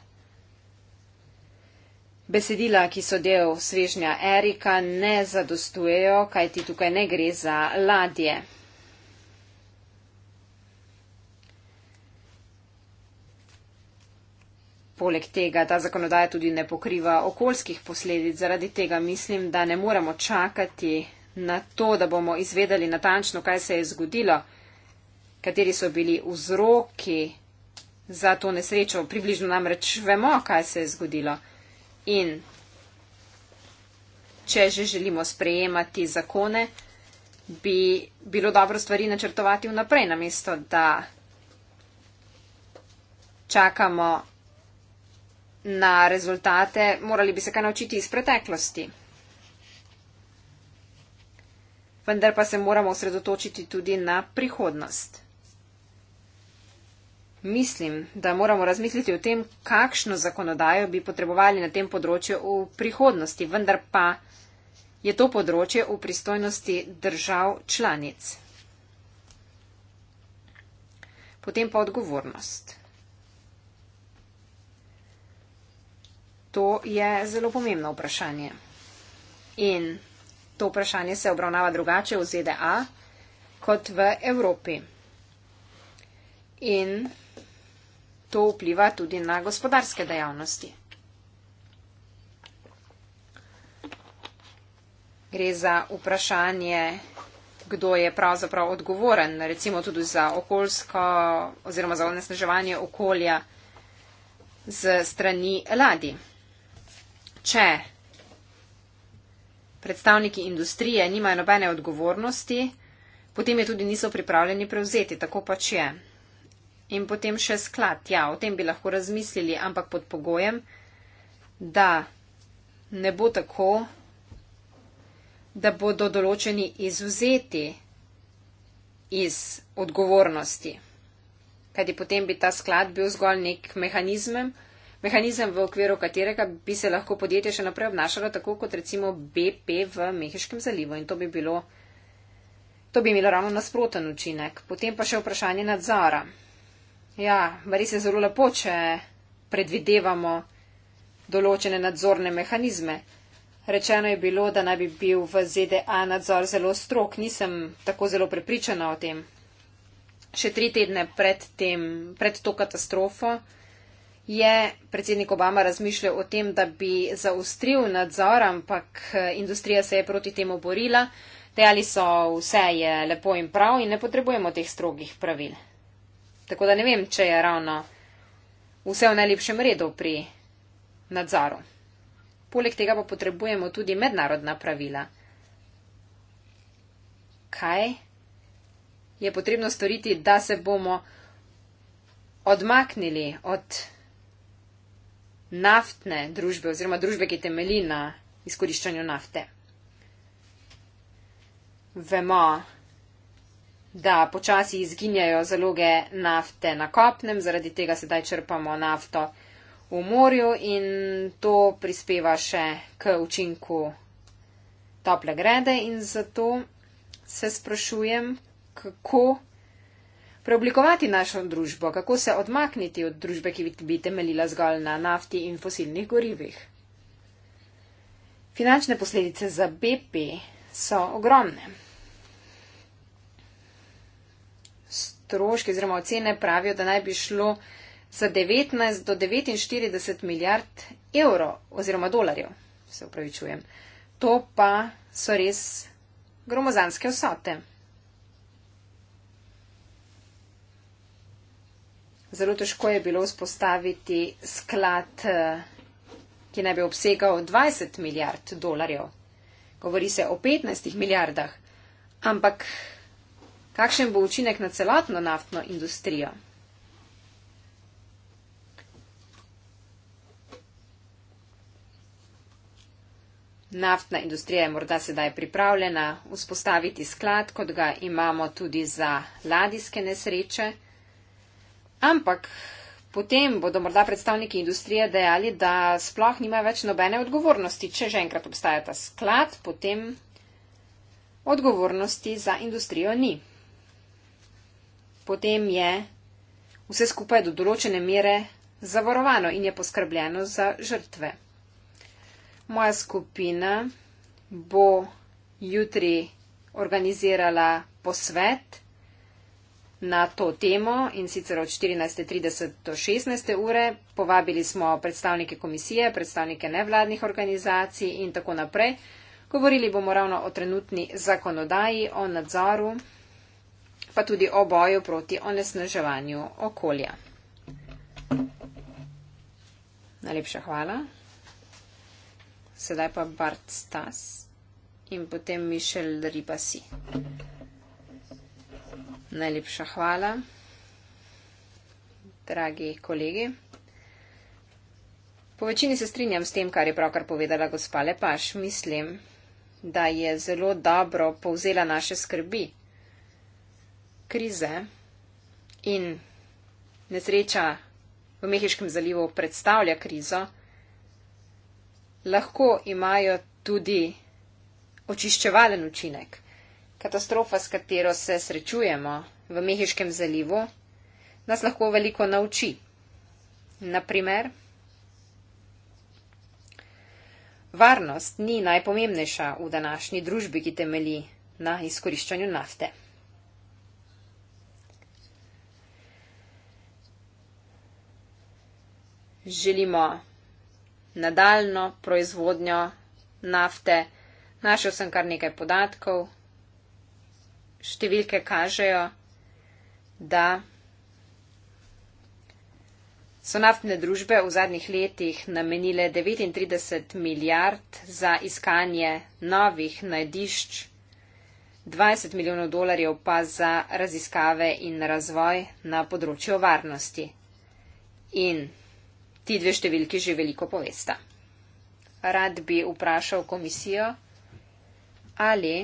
Besedila, ki so del svežnja Erika, ne zadostujejo, kajti tukaj ne gre za ladje. Poleg tega ta zakonodaja tudi ne pokriva okoljskih posledic. Zaradi tega mislim, da ne moremo čakati na to, da bomo izvedeli natančno, kaj se je zgodilo, kateri so bili vzroki za to nesrečo. Približno namreč vemo, kaj se je zgodilo. In če že želimo sprejemati zakone, bi bilo dobro stvari načrtovati vnaprej, namesto da čakamo na rezultate, morali bi se kaj naučiti iz preteklosti. Vendar pa se moramo osredotočiti tudi na prihodnost. Mislim, da moramo razmisliti o tem, kakšno zakonodajo bi potrebovali na tem področju v prihodnosti, vendar pa je to področje v pristojnosti držav članic. Potem pa odgovornost. To je zelo pomembno vprašanje. In to vprašanje se obravnava drugače v ZDA kot v Evropi. In to vpliva tudi na gospodarske dejavnosti. Gre za vprašanje, kdo je pravzaprav odgovoren, recimo tudi za okoljsko oziroma za onesnaževanje okolja z strani ladi če predstavniki industrije nimajo nobene odgovornosti, potem je tudi niso pripravljeni prevzeti, tako pač je. In potem še sklad, ja, o tem bi lahko razmislili, ampak pod pogojem, da ne bo tako, da bodo določeni izuzeti iz odgovornosti. Kajti potem bi ta sklad bil zgolj nek mehanizem, mehanizem, v okviru katerega bi se lahko podjetje še naprej obnašalo, tako kot recimo BP v Mehiškem zalivu. In to bi, bilo, to bi imelo ravno nasproten učinek. Potem pa še vprašanje nadzora. Ja, res je zelo lepo, če predvidevamo določene nadzorne mehanizme. Rečeno je bilo, da naj bi bil v ZDA nadzor zelo strok, nisem tako zelo prepričana o tem. Še tri tedne pred, tem, pred to katastrofo je predsednik Obama razmišljal o tem, da bi zaustril nadzor, ampak eh, industrija se je proti temu borila. Dejali so, vse je lepo in prav in ne potrebujemo teh strogih pravil. Tako da ne vem, če je ravno vse v najlepšem redu pri nadzoru. Poleg tega pa potrebujemo tudi mednarodna pravila. Kaj je potrebno storiti, da se bomo odmaknili od naftne družbe oziroma družbe, ki temeli na izkoriščanju nafte. Vemo, da počasi izginjajo zaloge nafte na kopnem, zaradi tega sedaj črpamo nafto v morju in to prispeva še k učinku tople grede in zato se sprašujem, kako Preoblikovati našo družbo, kako se odmakniti od družbe, ki bi temeljila zgolj na nafti in fosilnih gorivih. Finančne posledice za BP so ogromne. Stroški oziroma ocene pravijo, da naj bi šlo za 19 do 49 milijard evrov oziroma dolarjev, se upravičujem. To pa so res gromozanske vsote. zelo težko je bilo vzpostaviti sklad, eh, ki naj bi obsegal 20 milijard dolarjev. Govori se o 15 milijardah. Ampak kakšen bo učinek na celotno naftno industrijo? Naftna industrija je morda sedaj pripravljena vzpostaviti sklad, kot ga imamo tudi za ladijske nesreče. Ampak potem bodo morda predstavniki industrije dejali, da sploh nima več nobene odgovornosti. Če že enkrat obstaja ta sklad, potem odgovornosti za industrijo ni. Potem je vse skupaj do določene mere zavarovano in je poskrbljeno za žrtve. Moja skupina bo jutri organizirala posvet na to temo in sicer od 14.30 do 16. ure. Povabili smo predstavnike komisije, predstavnike nevladnih organizacij in tako naprej. Govorili bomo ravno o trenutni zakonodaji, o nadzoru, pa tudi o boju proti onesnaževanju okolja. Najlepša hvala. Sedaj pa Bart Stas in potem Mišel Ribasi. Najlepša hvala, dragi kolegi. Po večini se strinjam s tem, kar je pravkar povedala gospa Lepaš. Mislim, da je zelo dobro povzela naše skrbi, krize in nesreča v Mehiškem zalivu predstavlja krizo, lahko imajo tudi očiščevalen učinek. Katastrofa, s katero se srečujemo v Mehiškem zalivu, nas lahko veliko nauči. Naprimer, varnost ni najpomembnejša v današnji družbi, ki temelji na izkoriščanju nafte. Želimo nadaljno proizvodnjo nafte, našel sem kar nekaj podatkov številke kažejo, da so naftne družbe v zadnjih letih namenile 39 milijard za iskanje novih najdišč, 20 milijonov dolarjev pa za raziskave in razvoj na področju varnosti. In ti dve številki že veliko povesta. Rad bi vprašal komisijo, ali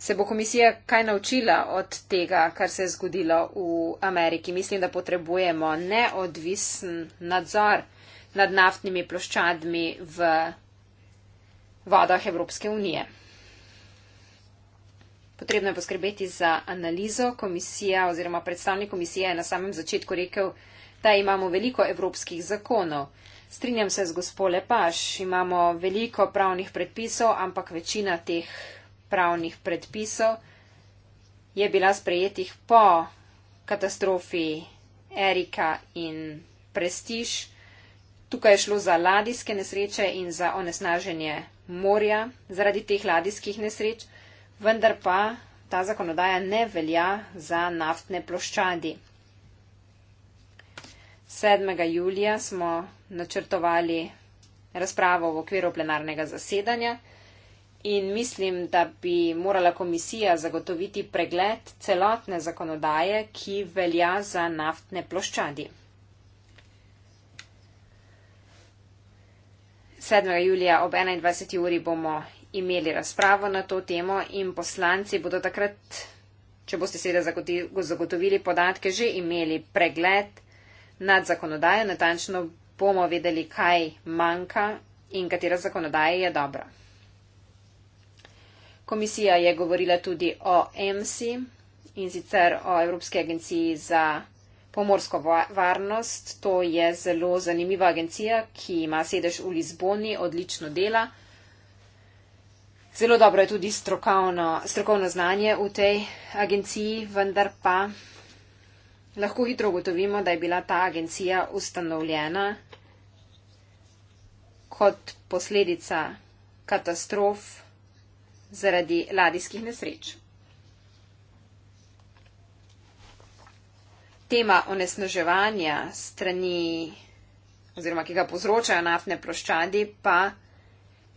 Se bo komisija kaj naučila od tega, kar se je zgodilo v Ameriki? Mislim, da potrebujemo neodvisen nadzor nad naftnimi ploščadmi v vodah Evropske unije. Potrebno je poskrbeti za analizo. Komisija oziroma predstavnik komisije je na samem začetku rekel, da imamo veliko evropskih zakonov. Strinjam se z gospod Lepaš, imamo veliko pravnih predpisov, ampak večina teh pravnih predpisov je bila sprejetih po katastrofi Erika in Prestiž. Tukaj je šlo za ladijske nesreče in za onesnaženje morja zaradi teh ladijskih nesreč, vendar pa ta zakonodaja ne velja za naftne ploščadi. 7. julija smo načrtovali razpravo v okviru plenarnega zasedanja. In mislim, da bi morala komisija zagotoviti pregled celotne zakonodaje, ki velja za naftne ploščadi. 7. julija ob 21. uri bomo imeli razpravo na to temo in poslanci bodo takrat, če boste seveda zagotovili podatke, že imeli pregled nad zakonodajo, natančno bomo vedeli, kaj manjka in katera zakonodaja je dobra. Komisija je govorila tudi o EMSI in sicer o Evropski agenciji za pomorsko varnost. To je zelo zanimiva agencija, ki ima sedež v Lizboni, odlično dela. Zelo dobro je tudi strokovno, strokovno znanje v tej agenciji, vendar pa lahko hitro ugotovimo, da je bila ta agencija ustanovljena kot posledica katastrof zaradi ladijskih nesreč. Tema onesnaževanja strani oziroma ki ga povzročajo naftne ploščadi pa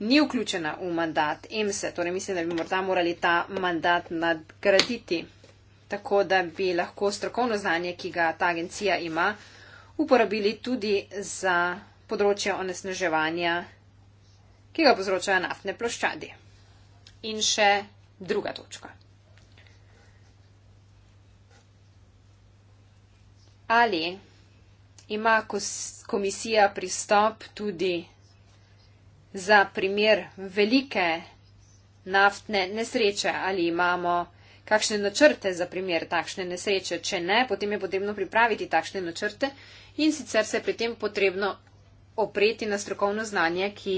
ni vključena v mandat EMSE, torej mislim, da bi morda morali ta mandat nadgraditi, tako da bi lahko strokovno znanje, ki ga ta agencija ima, uporabili tudi za področje onesnaževanja, ki ga povzročajo naftne ploščadi in še druga točka. Ali ima komisija pristop tudi za primer velike naftne nesreče? Ali imamo kakšne načrte za primer takšne nesreče? Če ne, potem je potrebno pripraviti takšne načrte in sicer se je pri tem potrebno opreti na strokovno znanje, ki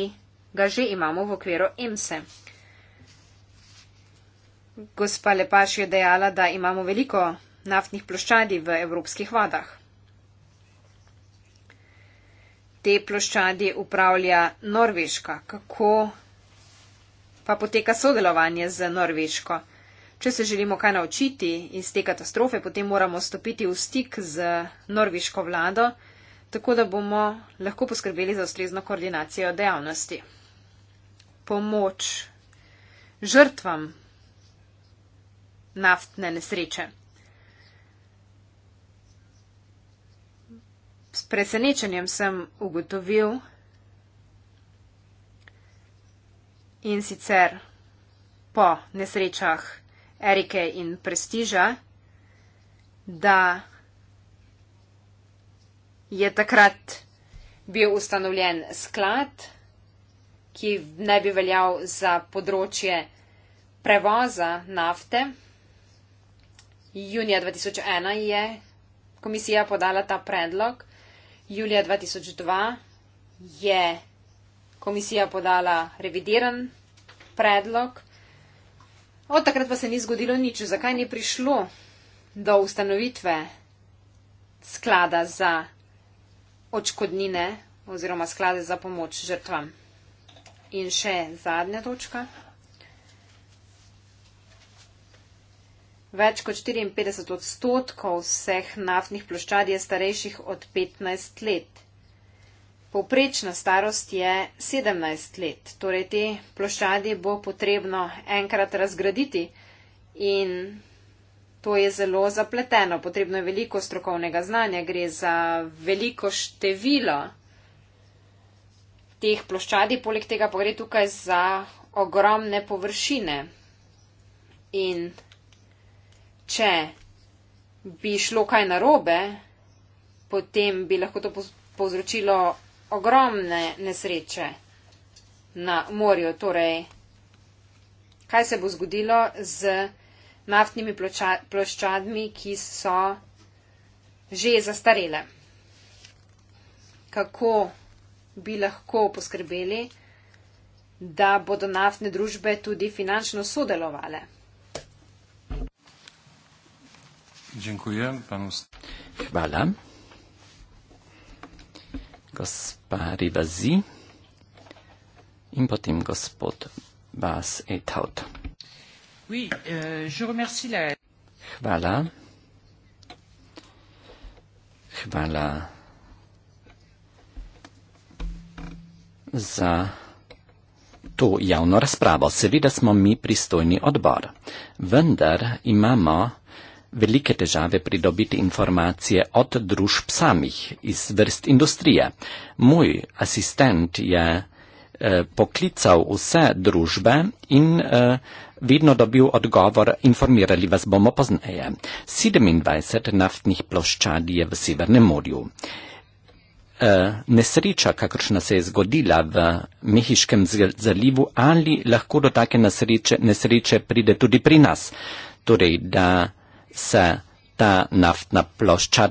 ga že imamo v okviru EMSE. Gospa Lepaš je dejala, da imamo veliko naftnih ploščadi v evropskih vadah. Te ploščadi upravlja Norveška. Kako pa poteka sodelovanje z Norveško? Če se želimo kaj naučiti iz te katastrofe, potem moramo stopiti v stik z norviško vlado, tako da bomo lahko poskrbeli za ustrezno koordinacijo dejavnosti. Pomoč žrtvam naftne nesreče. S presenečenjem sem ugotovil in sicer po nesrečah Erike in Prestiža, da je takrat bil ustanovljen sklad, ki ne bi veljal za področje prevoza nafte. Junija 2001 je komisija podala ta predlog, julija 2002 je komisija podala revidiran predlog. Od takrat pa se ni zgodilo nič. Zakaj ni prišlo do ustanovitve sklada za očkodnine oziroma sklade za pomoč žrtvam? In še zadnja točka. Več kot 54 odstotkov vseh naftnih ploščad je starejših od 15 let. Povprečna starost je 17 let, torej te ploščadi bo potrebno enkrat razgraditi in to je zelo zapleteno. Potrebno je veliko strokovnega znanja, gre za veliko število teh ploščadi, poleg tega pa gre tukaj za ogromne površine. In če bi šlo kaj narobe, potem bi lahko to povzročilo ogromne nesreče na morju. Torej, kaj se bo zgodilo z naftnimi ploščadmi, ki so že zastarele? Kako bi lahko poskrbeli, da bodo naftne družbe tudi finančno sodelovale? Dziękuję panu. Chwala. Gospa Rivazi. I potem gospod Bas et aut. Oui, euh, je remercie la... Chwala. Chwala za to javno razpravo. Seveda smo mi pristojni odbor, vendar imamo velike težave pridobiti informacije od družb samih iz vrst industrije. Moj asistent je eh, poklical vse družbe in uh, vedno dobil odgovor, informirali vas bomo pozneje. 27 naftnih ploščadi je v Severnem morju. Uh, nesreča, kakršna se je zgodila v Mehiškem zalivu, ali lahko do take nesreče, nesreče pride tudi pri nas. Torej, da se ta naftna plošča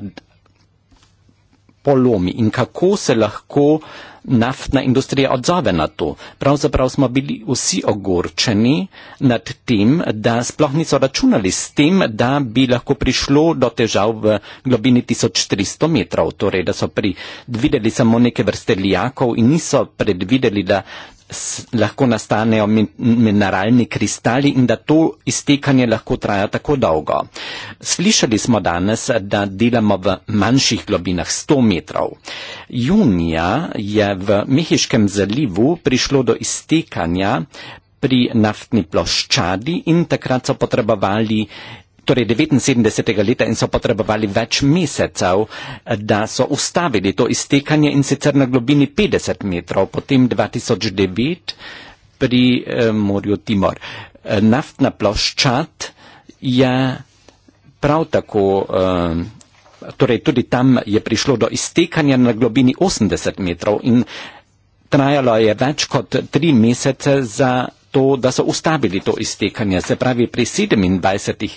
polomi in kako se lahko naftna industrija odzove na to. Pravzaprav smo bili vsi ogorčeni nad tem, da sploh niso računali s tem, da bi lahko prišlo do težav v globini 1300 metrov. Torej, da so predvideli samo neke vrste lijakov in niso predvideli, da lahko nastanejo mineralni kristali in da to iztekanje lahko traja tako dolgo. Slišali smo danes, da delamo v manjših globinah 100 metrov. Junija je v Mehiškem zalivu prišlo do iztekanja pri naftni ploščadi in takrat so potrebovali torej 79. leta in so potrebovali več mesecev, da so ustavili to iztekanje in sicer na globini 50 metrov, potem 2009 pri eh, morju Timor. Eh, naftna ploščat je prav tako, eh, torej tudi tam je prišlo do iztekanja na globini 80 metrov in trajalo je več kot tri mesece za to, da so ustavili to iztekanje. Se pravi, pri 27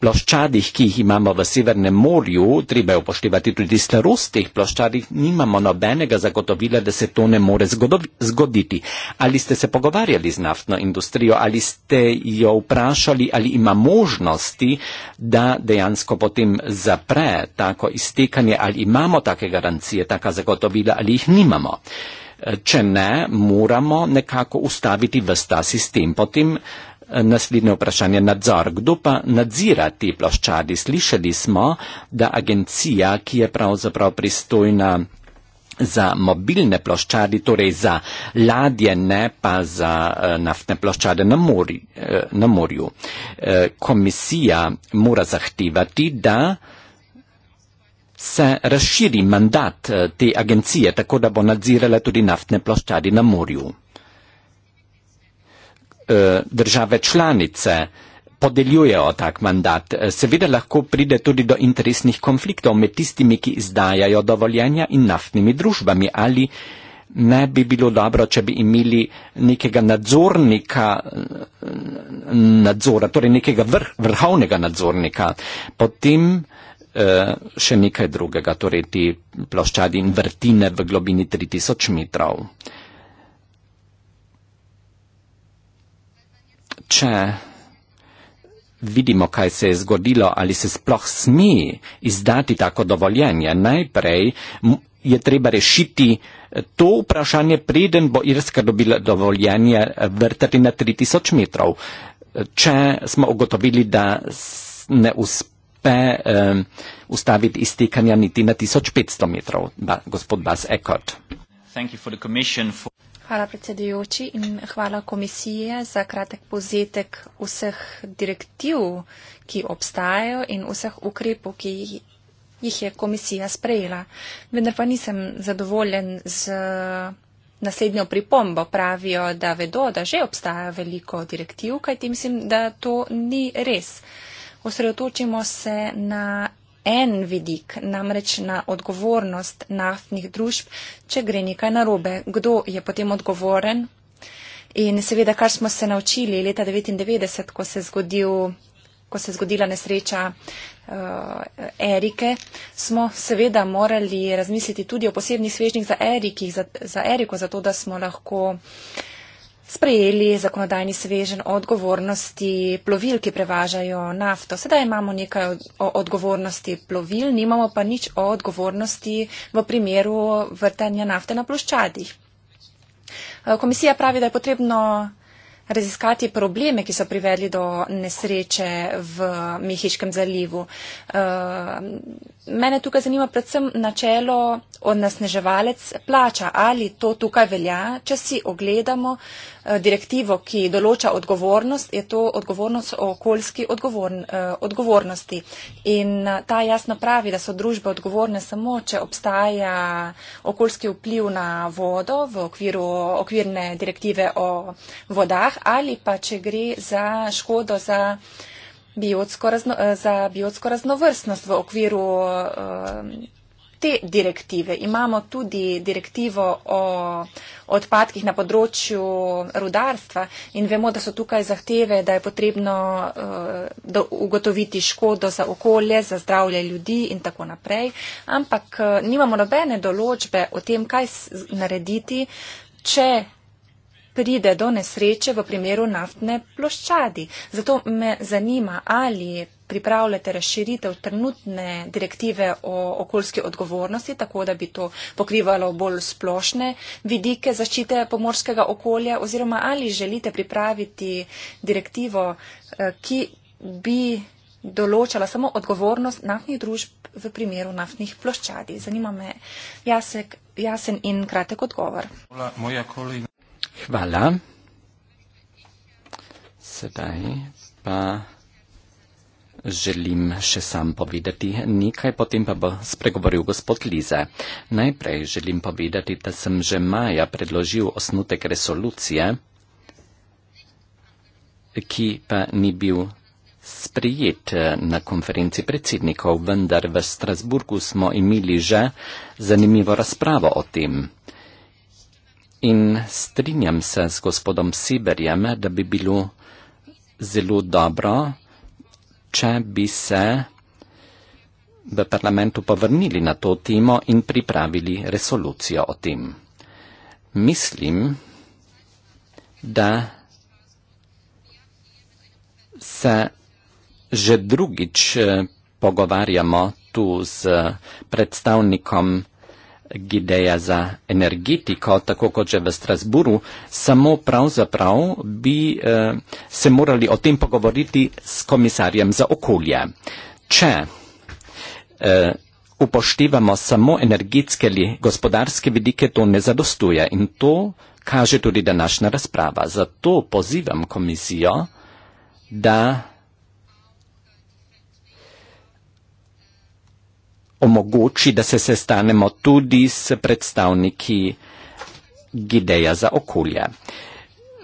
ploščadih, ki jih imamo v Severnem morju, treba je upoštevati tudi starost teh ploščadih, nimamo nobenega zagotovila, da se to ne more zgoditi. Ali ste se pogovarjali z naftno industrijo, ali ste jo vprašali, ali ima možnosti, da dejansko potem zapre tako iztekanje, ali imamo take garancije, taka zagotovila, ali jih nimamo. Eh, če ne, moramo nekako ustaviti vsta sistem. Potem eh, naslednje vprašanje nadzor. Kdo pa nadzira te ploščadi? Slišali smo, da agencija, ki je pravzaprav pristojna za mobilne ploščadi, torej za ladje, ne pa za eh, naftne ploščade na, mori, na morju. Komisija mora zahtevati, da se razširi mandat eh, te agencije, tako da bo nadzirala tudi naftne ploščadi na morju. Eh, države članice podeljujejo tak mandat. Eh, seveda lahko pride tudi do interesnih konfliktov med tistimi, ki izdajajo dovoljenja in naftnimi družbami ali ne bi bilo dobro, če bi imeli nekega nadzornika nadzora, torej nekega vrh, vrhovnega nadzornika. Potem Eh, še nekaj drugega, torej ti ploščadi in vrtine v globini 3000 metrov. Če vidimo, kaj se je zgodilo, ali se sploh smi izdati tako dovoljenje, najprej je treba rešiti eh, to vprašanje, preden bo Irska dobila dovoljenje eh, vrtati na 3000 metrov. Če smo ugotovili, da ne uspe pa um, ustaviti iztekanja niti na 1500 metrov, ba, gospod Bas Ekot. Hvala predsedujoči in hvala komisije za kratek pozetek vseh direktiv, ki obstajajo in vseh ukrepov, ki jih, jih je komisija sprejela. Vendar pa nisem zadovoljen z naslednjo pripombo. Pravijo, da vedo, da že obstaja veliko direktiv, kajti mislim, da to ni res. Uh, osredotočimo se na en vidik, namreč na odgovornost naftnih družb, če gre nekaj narobe. Kdo je potem odgovoren? In seveda, kar smo se naučili leta 1999, ko se, zgodil, ko se je zgodila nesreča uh, Erike, smo seveda morali razmisliti tudi o posebnih svežnjih za, za, za Eriko, zato da smo lahko uh, sprejeli zakonodajni svežen odgovornosti plovil, ki prevažajo nafto. Sedaj imamo nekaj odgovornosti plovil, nimamo pa nič o odgovornosti v primeru vrtanja nafte na ploščadih. Komisija pravi, da je potrebno raziskati probleme, ki so privedli do nesreče v Mehiškem zalivu. Eh, mene tukaj zanima predvsem načelo odnasneževalec plača, ali to tukaj velja. Če si ogledamo eh, direktivo, ki določa odgovornost, je to odgovornost o okoljski odgovorn, eh, odgovornosti. In ta jasno pravi, da so družbe odgovorne samo, če obstaja okoljski vpliv na vodo v okviru okvirne direktive o vodah, ali pa če gre za škodo za biotsko, razno, eh, za biotsko raznovrstnost v okviru eh, te direktive. Imamo tudi direktivo o odpadkih na področju rudarstva in vemo, da so tukaj zahteve, da je potrebno eh, da ugotoviti škodo za okolje, za zdravje ljudi in tako naprej. Ampak nimamo nobene določbe o tem, kaj narediti, če pride do nesreče v primeru naftne ploščadi. Zato me zanima, ali pripravljate razširitev trenutne direktive o okoljski odgovornosti, tako da bi to pokrivalo bolj splošne vidike zaščite pomorskega okolja, oziroma ali želite pripraviti direktivo, eh, ki bi določala samo odgovornost naftnih družb v primeru naftnih ploščadi. Zanima me jasek, jasen in kratek odgovor. Hola, hvala. Sedaj pa želim še sam povedati nekaj, potem pa bo spregovoril gospod Lize. Najprej želim povedati, da sem že maja predložil osnutek resolucije, ki pa ni bil sprijet na konferenci predsednikov, vendar v Strasburgu smo imeli že zanimivo razpravo o tem. In strinjam se z gospodom Siberjem, da bi bilo zelo dobro, če bi se v parlamentu povrnili na to temo in pripravili resolucijo o tem. Mislim, da se že drugič eh, pogovarjamo tu z predstavnikom Gideja za energetiko, tako kot že v Strasburu, samo pravzaprav bi eh, se morali o tem pogovoriti s komisarjem za okolje. Če eh, upoštevamo samo energetske ali gospodarske vidike, to ne zadostuje in to kaže tudi današnja razprava. Zato pozivam komisijo, da omogoči, da se sestanemo tudi s predstavniki Gideja za okolje.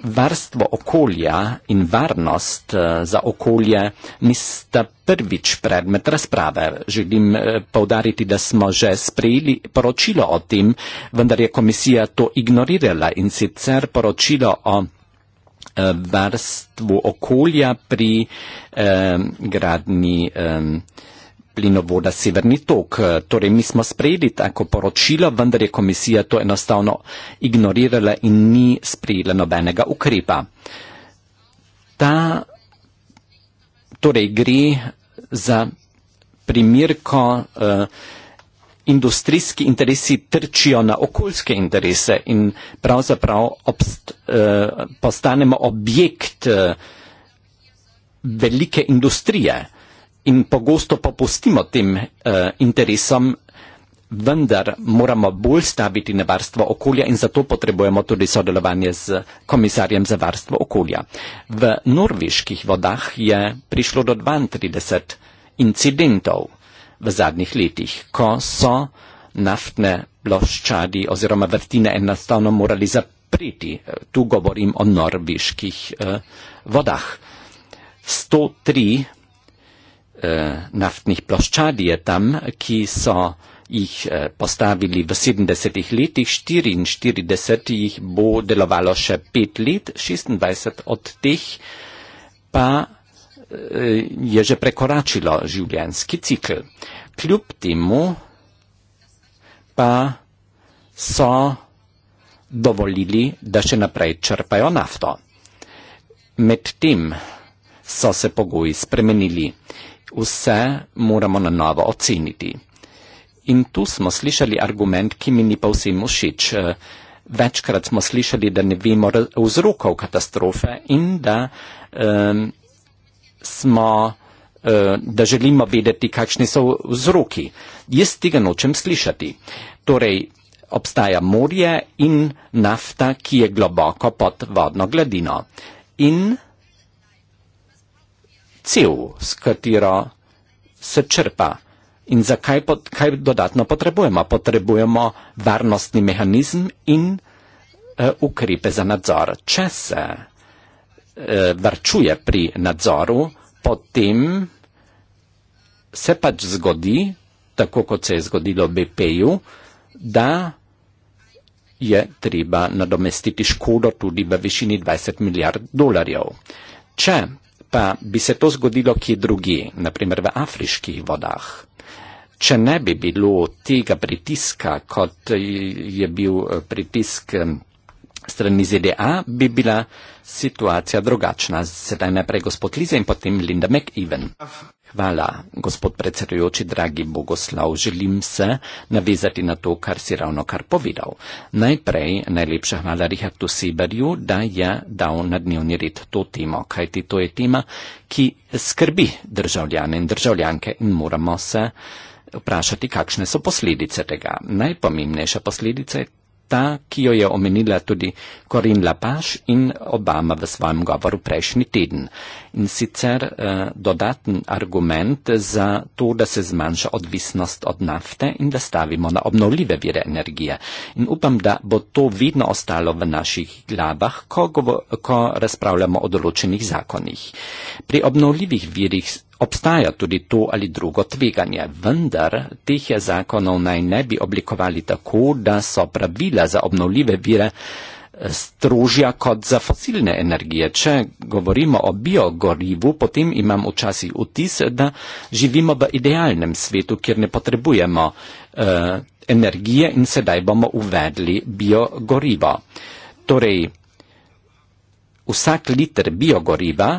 Varstvo okolja in varnost eh, za okolje nista prvič predmet razprave. Želim eh, povdariti, da smo že sprejeli poročilo o tem, vendar je komisija to ignorirala in sicer poročilo o eh, varstvu okolja pri eh, gradni eh, plinovoda Severni tok. Torej, mi smo sprejeli tako poročilo, vendar je komisija to enostavno ignorirala in ni sprejela nobenega ukrepa. Ta, torej, gre za primir, ko uh, eh, industrijski interesi trčijo na okoljske interese in pravzaprav obst, uh, postanemo objekt uh, velike industrije in pogosto pa pustimo tem uh, interesom, vendar moramo bolj staviti na varstvo okolja in zato potrebujemo tudi sodelovanje z komisarjem za varstvo okolja. V norveških vodah je prišlo do 32 incidentov v zadnjih letih, ko so naftne ploščadi oziroma vrtine enostavno morali zapreti. Tu govorim o norveških uh, vodah. 103 uh, naftnih ploščadije tam, ki so jih eh, postavili v 70 letih, 44 jih bo delovalo še 5 let, 26 od teh pa eh, je že prekoračilo življenjski cikl. Kljub temu pa so dovolili, da še naprej črpajo nafto. Medtem so se pogoji spremenili vse moramo na novo oceniti. In tu smo slišali argument, ki mi ni pa vsem všeč. Večkrat smo slišali, da ne vemo vzrokov katastrofe in da, um, smo, uh, da želimo vedeti, kakšni so vzroki. Jaz tega nočem slišati. Torej, obstaja morje in nafta, ki je globoko pod vodno gladino. In cev, s katero se črpa. In zakaj pot, kaj dodatno potrebujemo? Potrebujemo varnostni mehanizem in uh, ukrepe za nadzor. Če se uh, eh, vrčuje pri nadzoru, potem se pač zgodi, tako kot se je zgodilo v BP-ju, da je treba nadomestiti škodo tudi v višini 20 milijard dolarjev. Če pa bi se to zgodilo ki drugi, naprimer v afriških vodah. Če ne bi bilo tega pritiska, kot je bil pritisk strani ZDA bi bila situacija drugačna. Sedaj najprej gospod Lize in potem Linda McEwen. Hvala, gospod predsedujoči, dragi Bogoslav. Želim se navezati na to, kar si ravno kar povedal. Najprej najlepša hvala Richardu Seberju, da je dal na dnevni red to temo, kajti to je tema, ki skrbi državljane in državljanke in moramo se vprašati, kakšne so posledice tega. Najpomembnejša posledica je ta, ki jo je omenila tudi Corinne Lapaš in Obama v svojem govoru prejšnji teden. In sicer eh, dodaten argument za to, da se zmanjša odvisnost od nafte in da stavimo na obnovljive vire energije. In upam, da bo to vidno ostalo v naših glavah, ko, govo, ko razpravljamo o določenih zakonih. Pri obnovljivih virih Obstaja tudi to ali drugo tveganje, vendar teh je zakonov naj ne bi oblikovali tako, da so pravila za obnovljive vire eh, strožja kot za fosilne energije. Če govorimo o biogorivu, potem imam včasih vtis, da živimo v idealnem svetu, kjer ne potrebujemo uh, energije in sedaj bomo uvedli biogorivo. Torej, vsak liter biogoriva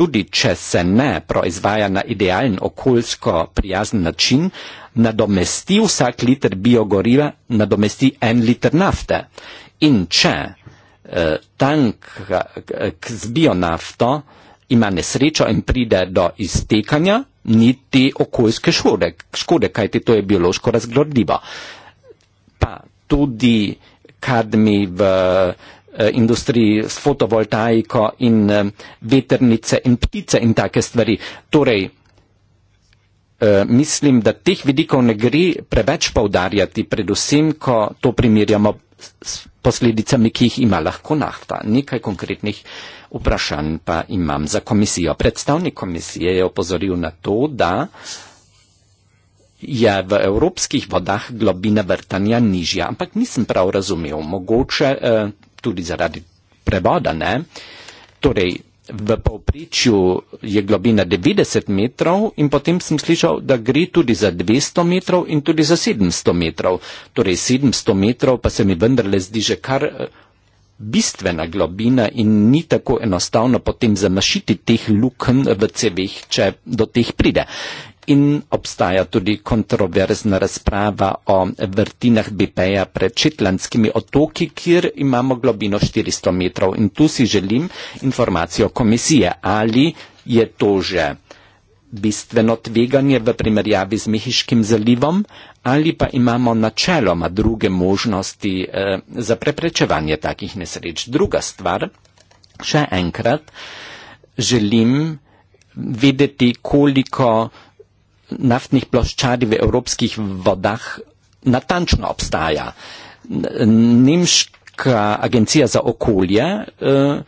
tudi če se ne proizvaja na idealen okoljsko prijazen način, nadomesti vsak liter biogoriva, nadomesti en liter nafte. In če eh, tank k, eh, z bionafto ima nesrečo in pride do iztekanja, niti okoljske škode, škode kajti to je biološko razgradljivo. Pa tudi kadmi v eh, Eh, industriji s fotovoltaiko in eh, veternice in ptice in take stvari. Torej, eh, mislim, da teh vidikov ne gre preveč povdarjati, predvsem, ko to primerjamo s posledicami, ki jih ima lahko nafta. Nekaj konkretnih vprašanj pa imam za komisijo. Predstavnik komisije je opozoril na to, da je v evropskih vodah globina vrtanja nižja, ampak nisem prav razumel. Mogoče eh, tudi zaradi prevoda. Ne? Torej, v povpričju je globina 90 metrov in potem sem slišal, da gre tudi za 200 metrov in tudi za 700 metrov. Torej, 700 metrov pa se mi vendarle zdi že kar eh, bistvena globina in ni tako enostavno potem zamašiti teh lukn v cevih, če do teh pride in obstaja tudi kontroverzna razprava o vrtinah Bipeja pred Četlanskimi otoki, kjer imamo globino 400 metrov. In tu si želim informacijo komisije, ali je to že bistveno tveganje v primerjavi z Mehiškim zalivom, ali pa imamo načeloma druge možnosti eh, za preprečevanje takih nesreč. Druga stvar, še enkrat, želim vedeti, koliko naftnih ploščadi v evropskih vodah natančno obstaja. Nemška agencija za okolje eh,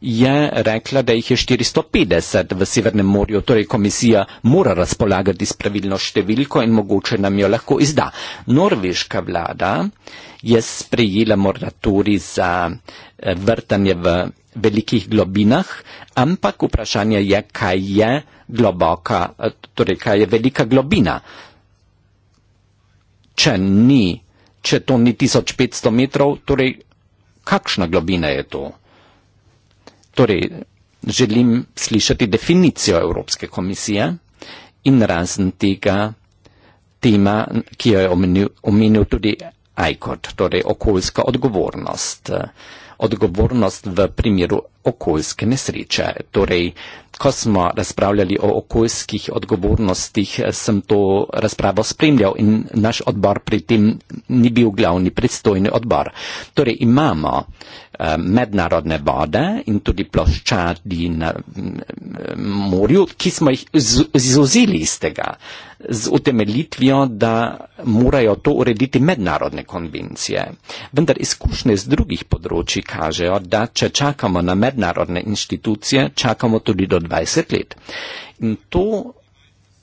je rekla, da jih je 450 v Severnem morju, torej komisija mora razpolagati s pravilno številko in mogoče nam jo lahko izda. Norveška vlada je sprejela moratori za eh, vrtanje v velikih globinah, ampak vprašanje je, kaj je globoka, torej kaj je velika globina. Če ni, če to ni 1500 metrov, torej kakšna globina je to? Torej, želim slišati definicijo Evropske komisije in razen tega tema, ki jo je omenil, omenil tudi ICOD, torej okoljska odgovornost. Uh, odgovornost v primeru okoljske nesreče. Torej, ko smo razpravljali o okoljskih odgovornostih, sem to razpravo spremljal in naš odbor pri tem ni bil glavni predstojni odbor. Torej, imamo uh, Eh, mednarodne vode in tudi ploščadi na morju, ki smo jih izuzili iz tega z utemeljitvijo, da morajo to urediti mednarodne konvencije. Vendar izkušnje z drugih področji kažejo, da če čakamo na mednarodne inštitucije, čakamo tudi do 20 let. In to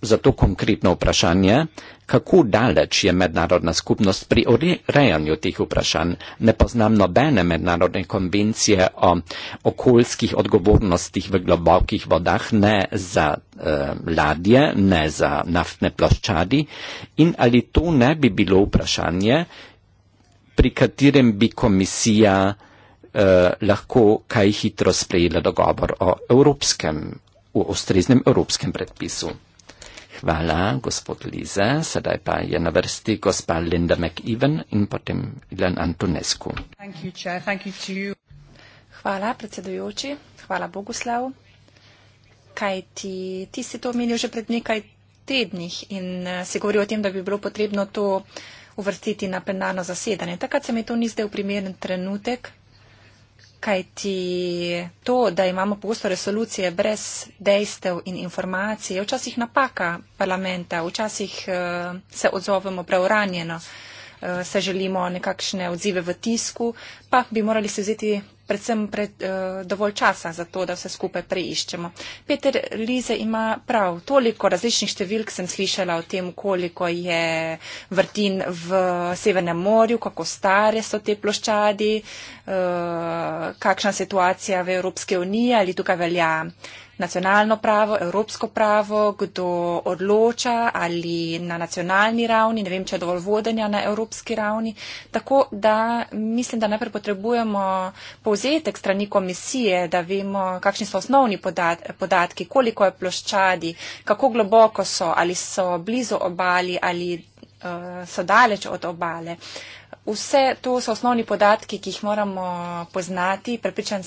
Zato konkretno vprašanje, kako daleč je mednarodna skupnost pri urejanju teh vprašanj. Ne poznam nobene mednarodne konvencije o okoljskih odgovornostih v globokih vodah, ne za eh, ladje, ne za naftne ploščadi. In ali to ne bi bilo vprašanje, pri katerem bi komisija eh, lahko kaj hitro sprejela dogovor o, o ustreznem evropskem predpisu? Hvala, gospod Lize, sedaj pa je na vrsti gospa Linda McEwen in potem Ilan Antonescu. Hvala, predsedujoči, hvala Boguslav, kaj ti, ti si to omenil že pred nekaj tednih in eh, se govori o tem, da bi bilo potrebno to uvrstiti na plenarno zasedanje. Takrat se mi to ni zdel primeren trenutek, kajti to, da imamo pogosto resolucije brez dejstev in informacij, je včasih napaka parlamenta, včasih eh, se odzovemo preuranjeno, eh, se želimo nekakšne odzive v tisku, pa bi morali se vzeti predvsem pre, uh, eh, dovolj časa za to, da vse skupaj preiščemo. Peter Lize ima prav toliko različnih številk, sem slišala o tem, koliko je vrtin v Severnem morju, kako stare so te ploščadi, uh, kakšna situacija v Evropske unije ali tukaj velja uh, nacionalno pravo, evropsko pravo, kdo odloča ali na nacionalni ravni, ne vem, če je dovolj vodenja na evropski ravni. Tako da mislim, da najprej potrebujemo povzetek strani komisije, da vemo, kakšni so osnovni podat podatki, koliko je ploščadi, kako globoko so, ali so blizu obali ali uh, so daleč od obale. Uh, vse to so osnovni podatki, ki jih moramo poznati. Prepričan,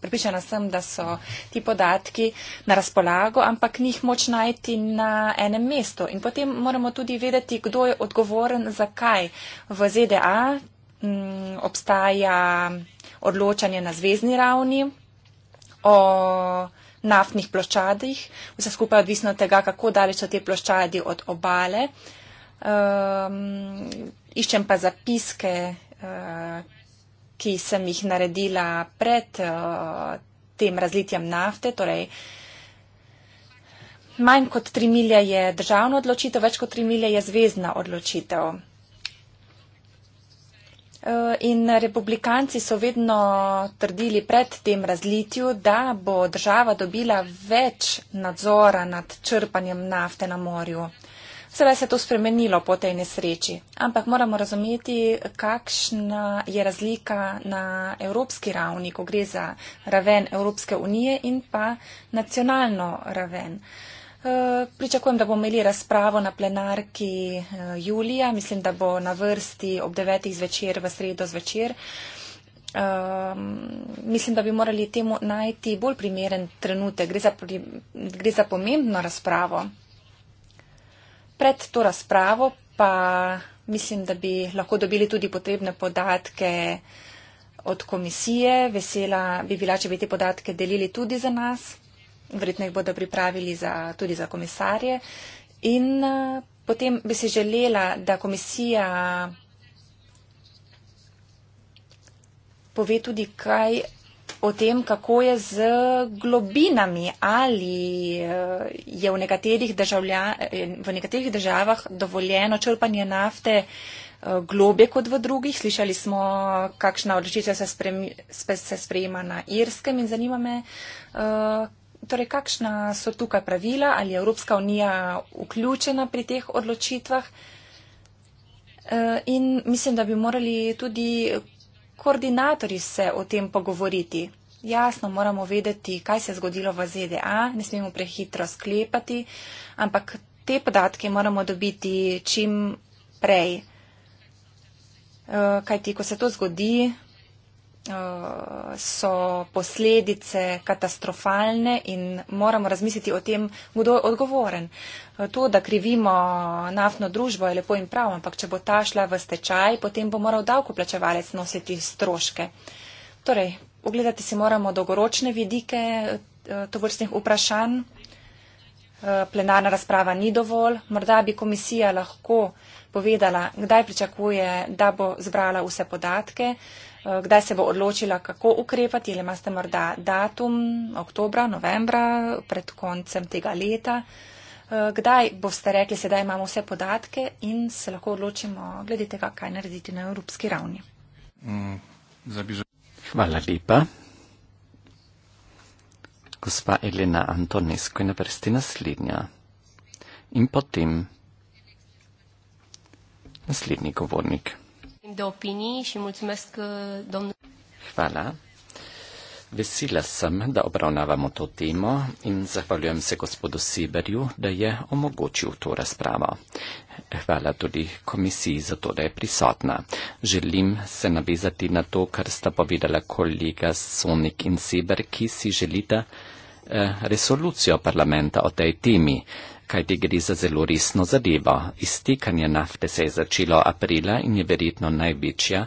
prepričana sem, da so ti podatki na razpolago, ampak njih moč najti na enem mestu. In potem moramo tudi vedeti, kdo je odgovoren, zakaj v ZDA m, mm, obstaja odločanje na zvezdni ravni o naftnih ploščadih. Vse skupaj je odvisno od tega, kako daleč so te ploščadi od obale. Um, iščem pa zapiske, uh, ki sem jih naredila pred uh, tem razlitjem nafte. Torej, manj kot tri milje je državna odločitev, več kot tri milje je zvezdna odločitev. Eh, in republikanci so vedno trdili pred tem razlitju, da bo država dobila več nadzora nad črpanjem nafte na morju. Seveda se je to spremenilo po tej nesreči, ampak moramo razumeti, kakšna je razlika na evropski ravni, ko gre za raven Evropske unije in pa nacionalno raven. Eh, pričakujem, da bomo imeli razpravo na plenarki eh, julija, mislim, da bo na vrsti ob devetih zvečer v sredo zvečer. Um, mislim, da bi morali temu najti bolj primeren trenutek. Gre za, gre za pomembno razpravo. Pred to razpravo pa mislim, da bi lahko dobili tudi potrebne podatke od komisije. Vesela bi bila, če bi te podatke delili tudi za nas. Verjetno jih bodo pripravili za, tudi za komisarje. In eh, potem bi si želela, da komisija pove tudi, kaj o tem, kako je z globinami, ali eh, je v nekaterih, državlja, v nekaterih državah dovoljeno črpanje nafte eh, globje kot v drugih. Slišali smo, kakšna odločitev se, spre, se sprejema na Irskem in zanima me, eh, torej, kakšna so tukaj pravila, ali je Evropska unija vključena pri teh odločitvah. In mislim, da bi morali tudi koordinatorji se o tem pogovoriti. Jasno, moramo vedeti, kaj se je zgodilo v ZDA, ne smemo prehitro sklepati, ampak te podatke moramo dobiti čim prej. Eh, kaj ti, ko se to zgodi, so posledice katastrofalne in moramo razmisliti o tem, kdo je odgovoren. To, da krivimo naftno družbo, je lepo in prav, ampak če bo ta šla v stečaj, potem bo moral davkoplačevalec nositi stroške. Torej, ogledati si moramo dolgoročne vidike eh, tovrstnih vprašanj. Eh, plenarna razprava ni dovolj. Morda bi komisija lahko uh, povedala, kdaj pričakuje, da bo zbrala vse podatke, eh, kdaj se bo odločila, kako ukrepati, ali imate morda datum oktobra, novembra, pred koncem tega leta. Eh, kdaj boste rekli, sedaj imamo vse podatke in se lahko odločimo glede tega, kaj narediti na evropski ravni? Mm, Hvala lepa. Gospa Elena Antonesko je na vrsti naslednja. In potem naslednji govornik. Uh, Hvala. Vesela sem, da obravnavamo to temo in zahvaljujem se gospodu Siberju, da je omogočil to razpravo. Hvala tudi komisiji za to, da je prisotna. Želim se navezati na to, kar sta povedala kolega Sonik in Siber, ki si želita eh, resolucijo parlamenta o tej temi. Eh, kajti gre za zelo resno zadevo. Iztekanje nafte se je začelo aprila in je verjetno največja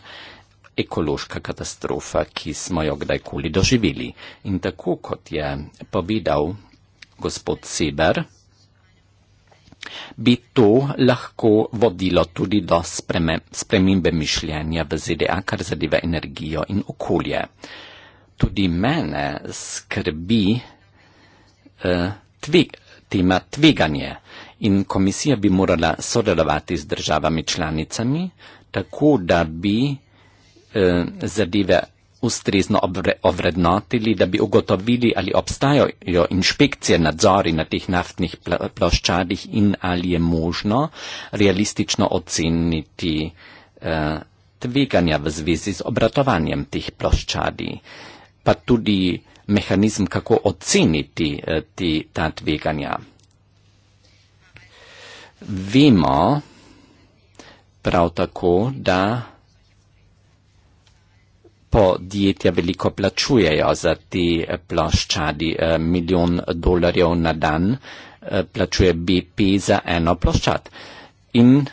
ekološka katastrofa, ki smo jo kdajkoli doživeli. In tako kot je povedal gospod Seber, bi to lahko vodilo tudi do spremembe mišljenja v ZDA, kar zadeva energijo in okolje. Tudi mene skrbi uh, tveg, tema tveganje in komisija bi morala sodelovati z državami članicami, tako da bi eh, zadeve ustrezno ovrednotili, da bi ugotovili, ali obstajajo inšpekcije nadzori na teh naftnih ploščadih in ali je možno realistično oceniti eh, tveganja v zvezi z obratovanjem teh ploščadi. Pa tudi mehanizem, kako oceniti eh, ti, ta tveganja. Vemo prav tako, da podjetja veliko plačujejo za ti eh, ploščadi, eh, milijon dolarjev na dan plačuje BP za eno ploščad. In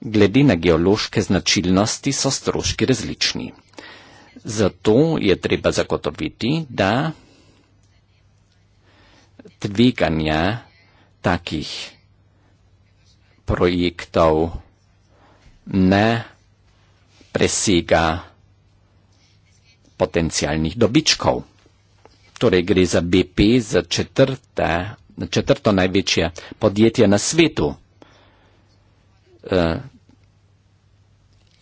glede na geološke značilnosti so stroški različni. Zato je treba zagotoviti, da tveganja takih projektov ne presega potencialnih dobičkov. Torej gre za BP, za četrte, četrto največje podjetje na svetu. Eh,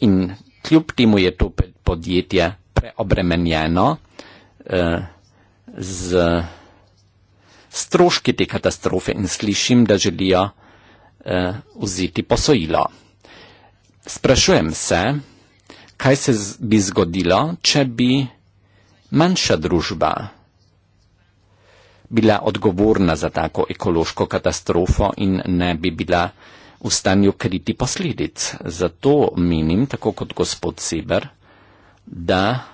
in kljub temu je to podjetje preobremenjeno eh, z stroški te katastrofe in slišim, da želijo eh, vzeti posojilo. Sprašujem se, kaj se bi zgodilo, če bi manjša družba bila odgovorna za tako ekološko katastrofo in ne bi bila v stanju kriti posledic. Zato menim, tako kot gospod Seber, da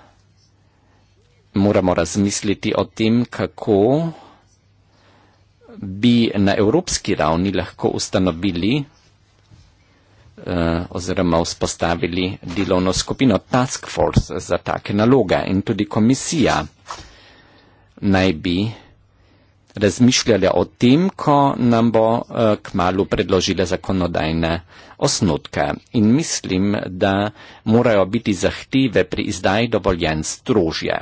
moramo razmisliti o tem, kako bi na evropski ravni lahko ustanovili eh, oziroma vzpostavili delovno skupino Task Force za take naloge. In tudi komisija naj bi razmišljala o tem, ko nam bo eh, k malu predložila zakonodajne osnotke. In mislim, da morajo biti zahteve pri izdaji dovoljen strožje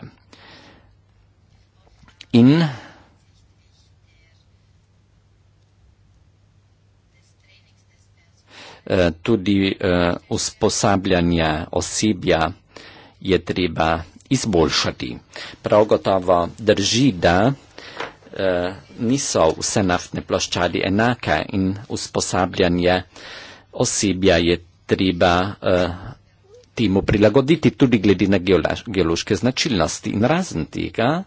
in eh, tudi eh, usposabljanje osebja je treba izboljšati. Prav gotovo drži, da eh, niso vse naftne ploščadi enake in usposabljanje osebja je treba temu prilagoditi tudi glede na geološke značilnosti. In razen tega,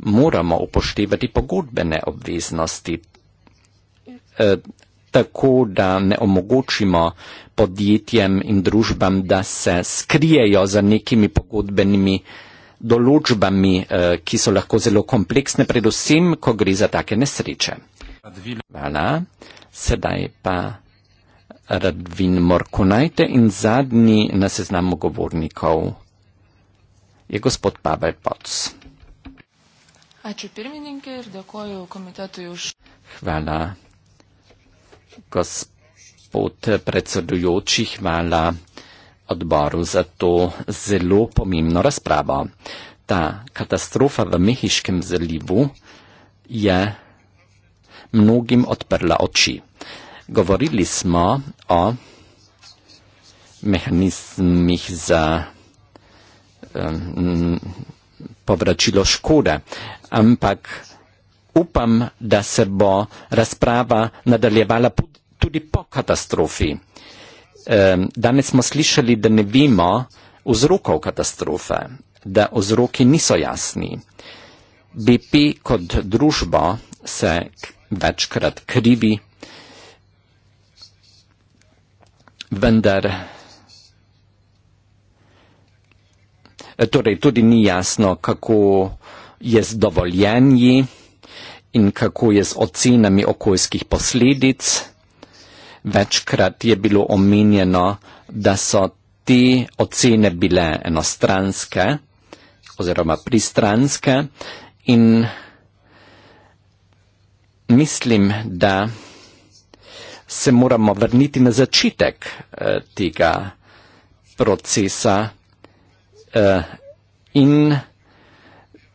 moramo upoštevati pogodbene obveznosti, eh, tako da ne omogočimo podjetjem in družbam, da se skrijejo za nekimi pogodbenimi določbami, eh, ki so lahko zelo kompleksne, predvsem, ko gre za take nesreče. Hvala. Sedaj pa Radvin Morkunajte in zadnji na seznamu govornikov je gospod Pavel Poc. Ačiū pirmininkai ir dėkoju komitetui už. Hvala. Gospod predsedujoči, hvala odboru za to zelo pomembno razpravo. Ta katastrofa v mehiškem zalivu je mnogim odprla oči. Govorili smo o mehanizmih za um, povračilo škode. Ampak upam, da se bo razprava nadaljevala tudi po katastrofi. Danes smo slišali, da ne vemo vzrokov katastrofe, da vzroki niso jasni. BP kot družbo se večkrat krivi, vendar torej tudi ni jasno, kako je z dovoljenji in kako je z ocenami okoljskih posledic. Večkrat je bilo omenjeno, da so te ocene bile enostranske oziroma pristranske in mislim, da se moramo vrniti na začetek eh, tega procesa uh, in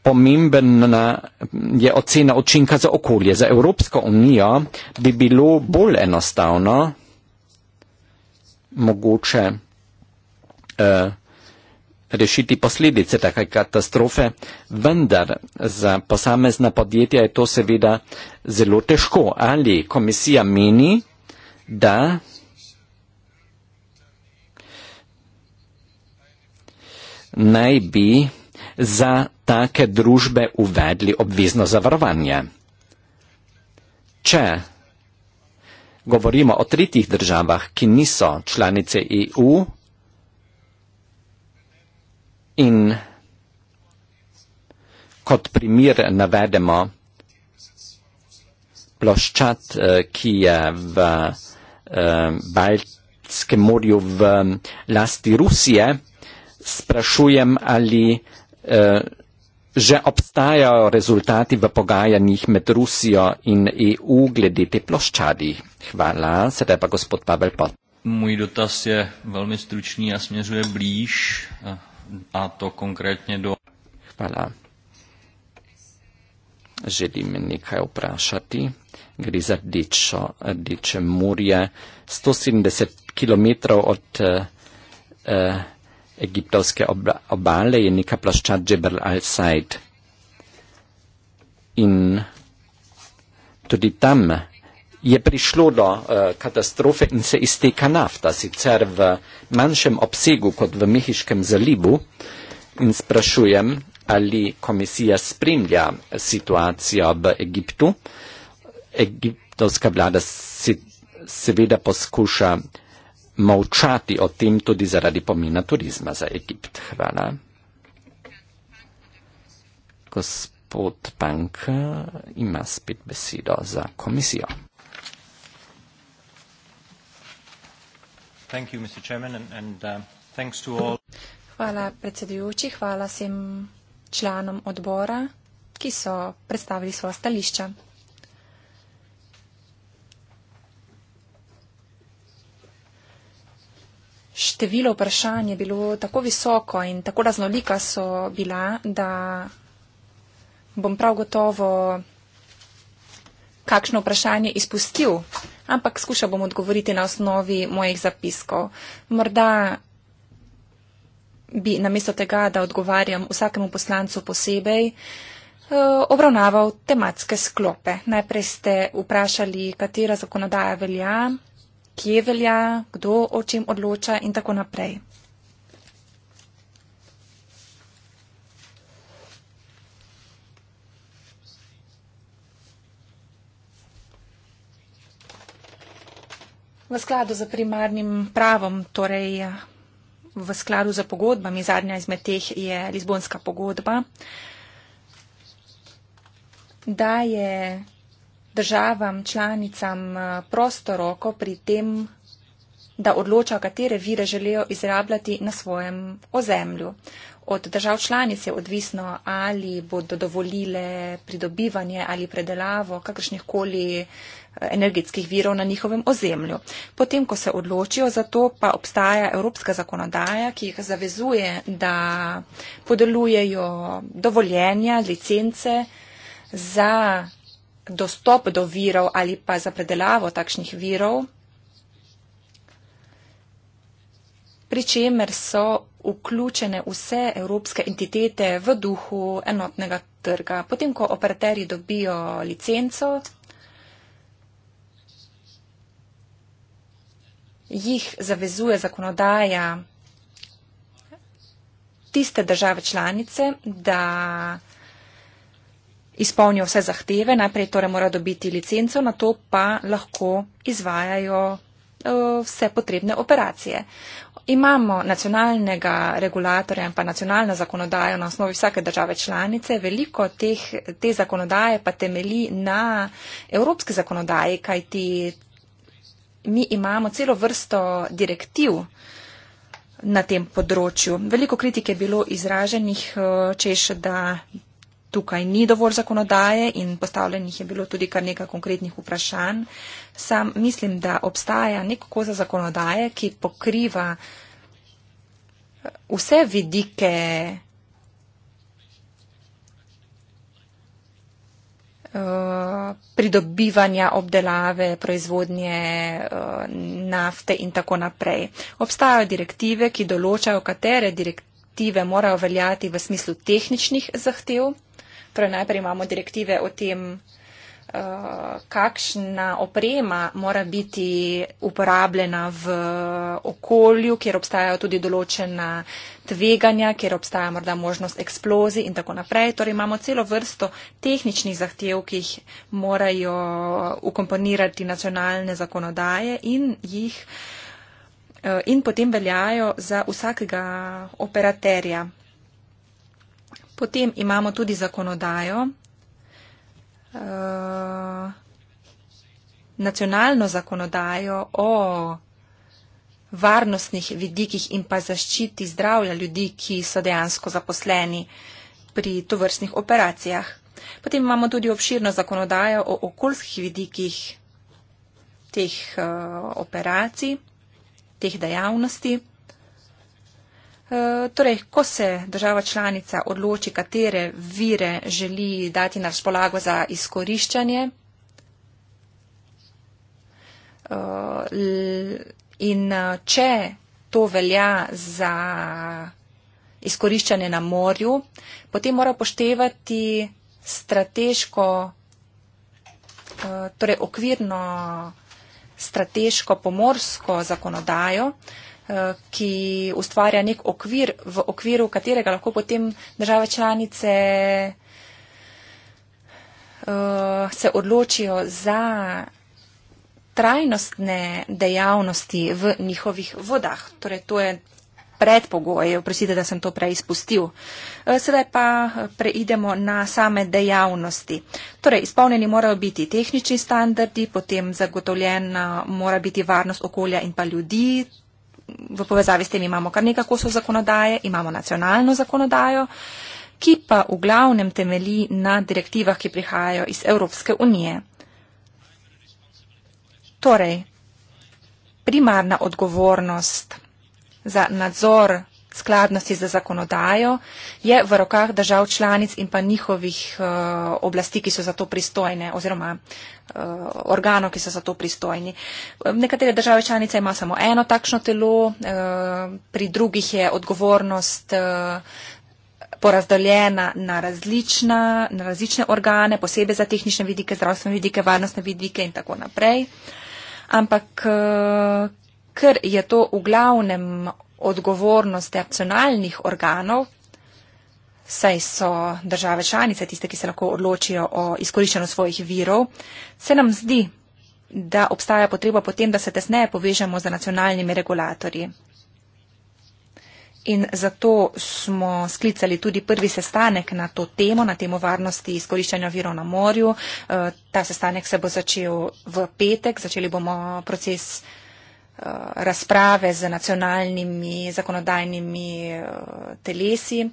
pomemben je ocena učinka za okolje. Za Evropsko unijo bi bilo bolj enostavno, mogoče uh, rešiti posledice take katastrofe, vendar za posamezna podjetja je to seveda zelo težko. Ali komisija meni, da naj bi za take družbe uvedli obvezno zavarovanje. Če govorimo o tretjih državah, ki niso članice EU in kot primer navedemo ploščat, eh, ki je v eh, Baltskem morju v lasti Rusije, sprašujem, ali eh, že obstajajo rezultati v pogajanjih med Rusijo in EU glede te ploščadi. Hvala, sedaj pa gospod Pavel Pot. Můj dotaz je velmi stručný a směřuje blíž, eh, a to konkrétně do. Hvala. Želim nekaj vprašati. Gre za rdečo, rdeče morje. 170 km od eh, eh egiptovske obale je neka plašča Džebel al-Said. In tudi tam je prišlo do uh, katastrofe in se izteka nafta, sicer v manjšem obsegu kot v Mehiškem zalivu. In sprašujem, ali komisija spremlja situacijo v Egiptu. Egiptovska vlada si, seveda poskuša molčati o tem tudi zaradi pomena turizma za Egipt. Hvala. Gospod Pank ima spet besedo za komisijo. You, Chairman, and, and, uh, hvala predsedujoči, hvala vsem članom odbora, ki so predstavili svoje stališča. število vprašanj je bilo tako visoko in tako raznolika so bila, da bom prav gotovo kakšno vprašanje izpustil, ampak skušal bom odgovoriti na osnovi mojih zapiskov. Morda bi namesto tega, da odgovarjam vsakemu poslancu posebej, eh, obravnaval tematske sklope. Najprej ste vprašali, katera zakonodaja velja kje velja, kdo o čem odloča in tako naprej. V skladu z primarnim pravom, torej v skladu z pogodbami, zadnja izmed teh je Lizbonska pogodba, daje državam članicam eh, prosto roko pri tem, da odloča, katere vire želijo izrabljati na svojem ozemlju. Od držav članic je odvisno, ali bodo dovolile pridobivanje ali predelavo kakršnih koli eh, energetskih virov na njihovem ozemlju. Potem, ko se odločijo za to, pa obstaja evropska zakonodaja, ki jih zavezuje, da podelujejo dovoljenja, licence za dostop do virov ali pa za predelavo takšnih virov, pri čemer so vključene vse evropske entitete v duhu enotnega trga. Potem, ko operaterji dobijo licenco, jih zavezuje zakonodaja tiste države članice, da izpolnijo vse zahteve, najprej torej mora dobiti licenco, na to pa lahko izvajajo eh, vse potrebne operacije. Imamo nacionalnega regulatorja in pa nacionalno zakonodajo na osnovi vsake države članice. Veliko teh, te zakonodaje pa temeli na evropski zakonodaji, kajti mi imamo celo vrsto direktiv na tem področju. Veliko kritike je bilo izraženih, eh, češ da tukaj ni dovolj zakonodaje in postavljenih je bilo tudi kar nekaj konkretnih vprašanj. Sam mislim, da obstaja neko koza zakonodaje, ki pokriva eh, vse vidike eh, pridobivanja obdelave, proizvodnje eh, nafte in tako naprej. Obstajajo direktive, ki določajo, katere direktive morajo veljati v smislu tehničnih zahtev. Torej, najprej imamo direktive o tem, eh, kakšna oprema mora biti uporabljena v eh, okolju, kjer obstajajo tudi določena tveganja, kjer obstaja morda možnost eksplozij in tako naprej. Torej imamo celo vrsto tehničnih zahtev, ki jih morajo ukomponirati nacionalne zakonodaje in jih eh, in potem veljajo za vsakega operaterja. Potem imamo tudi zakonodajo, eh, nacionalno zakonodajo o varnostnih vidikih in pa zaščiti zdravja ljudi, ki so dejansko zaposleni pri tovrstnih operacijah. Potem imamo tudi obširno zakonodajo o okoljskih vidikih teh uh, operacij, teh dejavnosti. Eh, torej, ko se država članica odloči, katere vire želi dati na razpolago za izkoriščanje eh, in eh, če to velja za izkoriščanje na morju, potem mora poštevati strateško, torej okvirno strateško pomorsko zakonodajo, Eh, ki ustvarja nek okvir, v okviru katerega lahko potem države članice eh, se odločijo za trajnostne dejavnosti v njihovih vodah. Torej, to je predpogoj, oprostite, da sem to prej izpustil. Eh, sedaj pa preidemo na same dejavnosti. Torej, izpolnjeni morajo biti tehnični standardi, potem zagotovljena mora biti varnost okolja in pa ljudi, v povezavi s tem imamo kar nekaj kosov zakonodaje, imamo nacionalno zakonodajo, ki pa v glavnem temeli na direktivah, ki prihajajo iz Evropske unije. Torej, primarna odgovornost za nadzor skladnosti za zakonodajo je v rokah držav članic in pa njihovih eh, oblasti, ki so za to pristojne oziroma eh, organov, ki so za to pristojni. Nekatere države članice ima samo eno takšno telo, eh, pri drugih je odgovornost porazdoljena na, različna, na različne organe, posebej za tehnične vidike, zdravstvene vidike, varnostne vidike in tako naprej. Ampak ker je to v glavnem odgovornost nacionalnih organov, saj so države članice tiste, ki se lahko odločijo o izkoriščanju svojih virov, se nam zdi, da obstaja potreba potem, da se tesneje povežemo z nacionalnimi regulatorji. In zato smo sklicali tudi prvi sestanek na to temo, na temo varnosti izkoriščanja virov na morju. Eh, ta sestanek se bo začel v petek, začeli bomo proces Eh, razprave z nacionalnimi zakonodajnimi eh, telesi. Eh,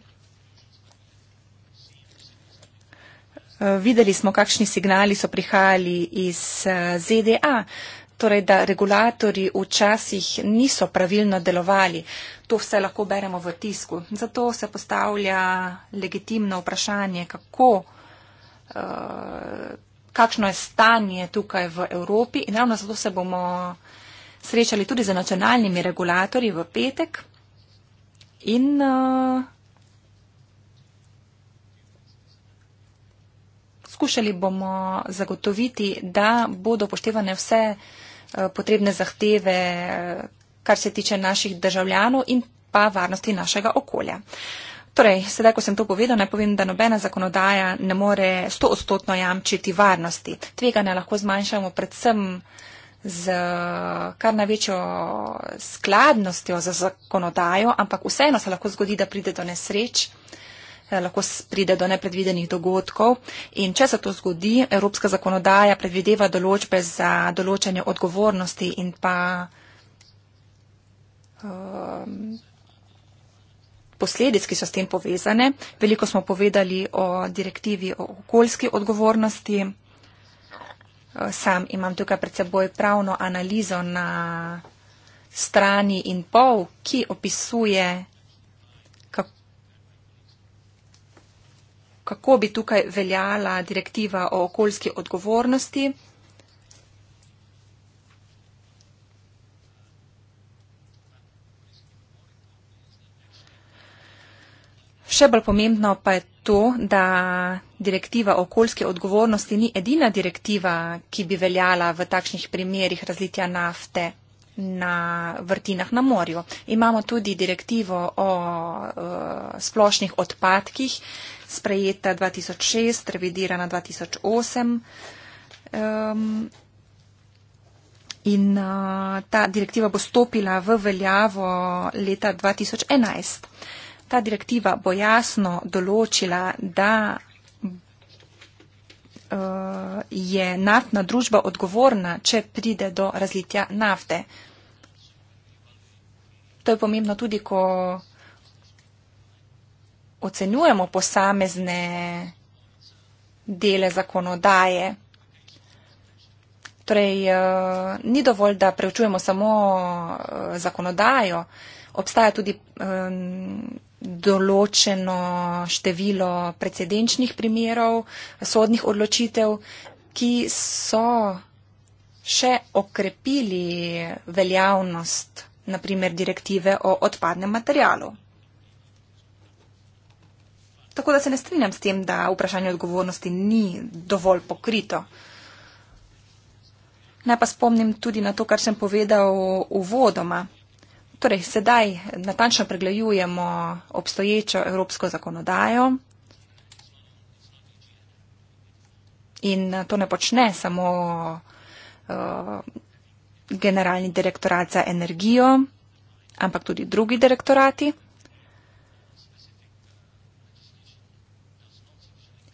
videli smo, kakšni signali so prihajali iz ZDA, torej da regulatori včasih niso pravilno delovali. To vse lahko beremo v tisku. Zato se postavlja legitimno vprašanje, kako, kakšno je stanje tukaj v Evropi in ravno zato se bomo srečali tudi z nacionalnimi regulatorji v petek in uh, skušali bomo zagotoviti, da bodo poštevane vse uh, potrebne zahteve, eh, kar se tiče naših državljanov in pa varnosti našega okolja. Torej, sedaj, ko sem to povedal, naj povem, da nobena zakonodaja ne more stoodstotno jamčiti varnosti. Tvega ne lahko zmanjšamo predvsem uh, z kar največjo skladnostjo za zakonodajo, ampak vseeno se lahko zgodi, da pride do nesreč, eh, lahko pride do nepredvidenih dogodkov. In če se to zgodi, evropska zakonodaja predvideva določbe za določanje odgovornosti in pa um, posledic, ki so s tem povezane. Veliko smo povedali o direktivi o okoljski odgovornosti sam imam tukaj pred seboj pravno analizo na strani in pol, ki opisuje, kako bi tukaj veljala direktiva o okoljski odgovornosti. Še bolj pomembno pa je to, da direktiva o okoljski odgovornosti ni edina direktiva, ki bi veljala v takšnih primerih razlitja nafte na vrtinah na morju. Imamo tudi direktivo o uh, splošnih odpadkih, sprejeta 2006, revidirana 2008. Um, in uh, ta direktiva bo stopila v veljavo leta 2011 ta direktiva bo jasno določila, da eh, je naftna družba odgovorna, če pride do razlitja nafte. To je pomembno tudi, ko ocenjujemo posamezne dele zakonodaje. Torej, eh, ni dovolj, da preučujemo samo eh, zakonodajo, obstaja tudi določeno število precedenčnih primerov, sodnih odločitev, ki so še okrepili veljavnost, naprimer, direktive o odpadnem materialu. Tako da se ne strinjam s tem, da vprašanje odgovornosti ni dovolj pokrito. Naj pa spomnim tudi na to, kar sem povedal uvodoma. Torej, sedaj natančno pregledujemo obstoječo evropsko zakonodajo. In to ne počne samo uh, generalni direktorat za energijo, ampak tudi drugi direktorati.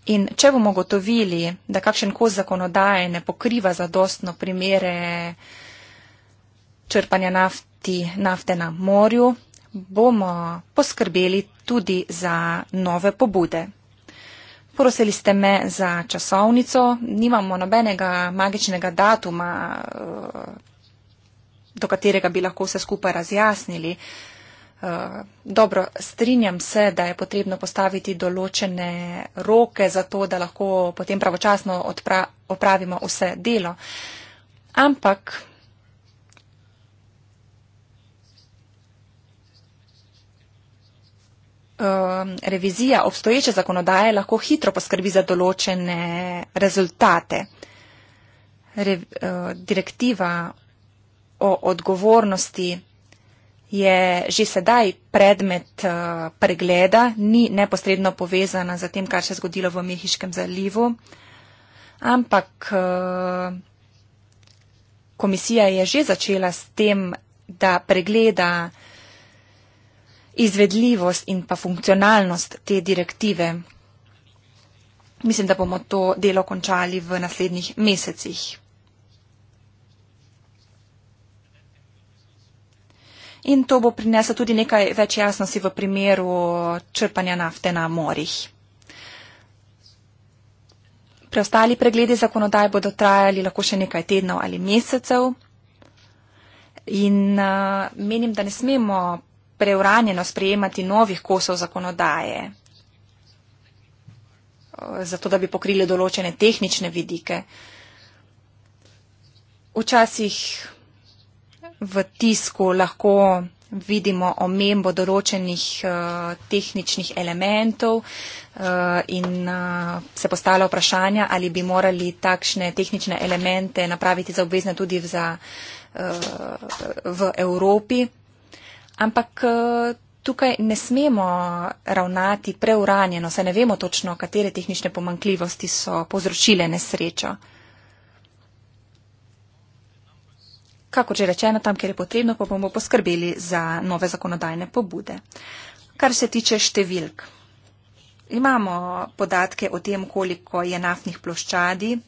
In če bomo gotovili, da kakšen kos zakonodaje ne pokriva zadostno primere uh, črpanja nafti, nafte na morju, bomo poskrbeli tudi za nove pobude. Prosili ste me za časovnico, nimamo nobenega magičnega datuma, eh, do katerega bi lahko vse skupaj razjasnili. Eh, dobro, strinjam se, da je potrebno postaviti določene roke za to, da lahko potem pravočasno opravimo vse delo. Ampak Um, revizija obstoječe zakonodaje lahko hitro poskrbi za določene rezultate. Re, uh, direktiva o odgovornosti je že sedaj predmet uh, pregleda, ni neposredno povezana z tem, kar se je zgodilo v Mehiškem zalivu, ampak uh, komisija je že začela s tem, da pregleda izvedljivost in pa funkcionalnost te direktive. Mislim, da bomo to delo končali v naslednjih mesecih. In to bo prineslo tudi nekaj več jasnosti v primeru črpanja nafte na morjih. Preostali pregledi zakonodaj bodo trajali lahko še nekaj tednov ali mesecev. In uh, menim, da ne smemo preuranjeno sprejemati novih kosov zakonodaje, zato da bi pokrili določene tehnične vidike. Včasih v tisku lahko vidimo omembo določenih uh, tehničnih elementov uh, in uh, se postala vprašanja, ali bi morali takšne tehnične elemente napraviti za obvezne tudi za, uh, v Evropi. Ampak eh, tukaj ne smemo ravnati preuranjeno, saj ne vemo točno, katere tehnične pomankljivosti so povzročile nesrečo. Kako že rečeno, tam, kjer je potrebno, pa bomo poskrbeli za nove zakonodajne pobude. Kar se tiče številk. Imamo podatke o tem, koliko je naftnih ploščadi.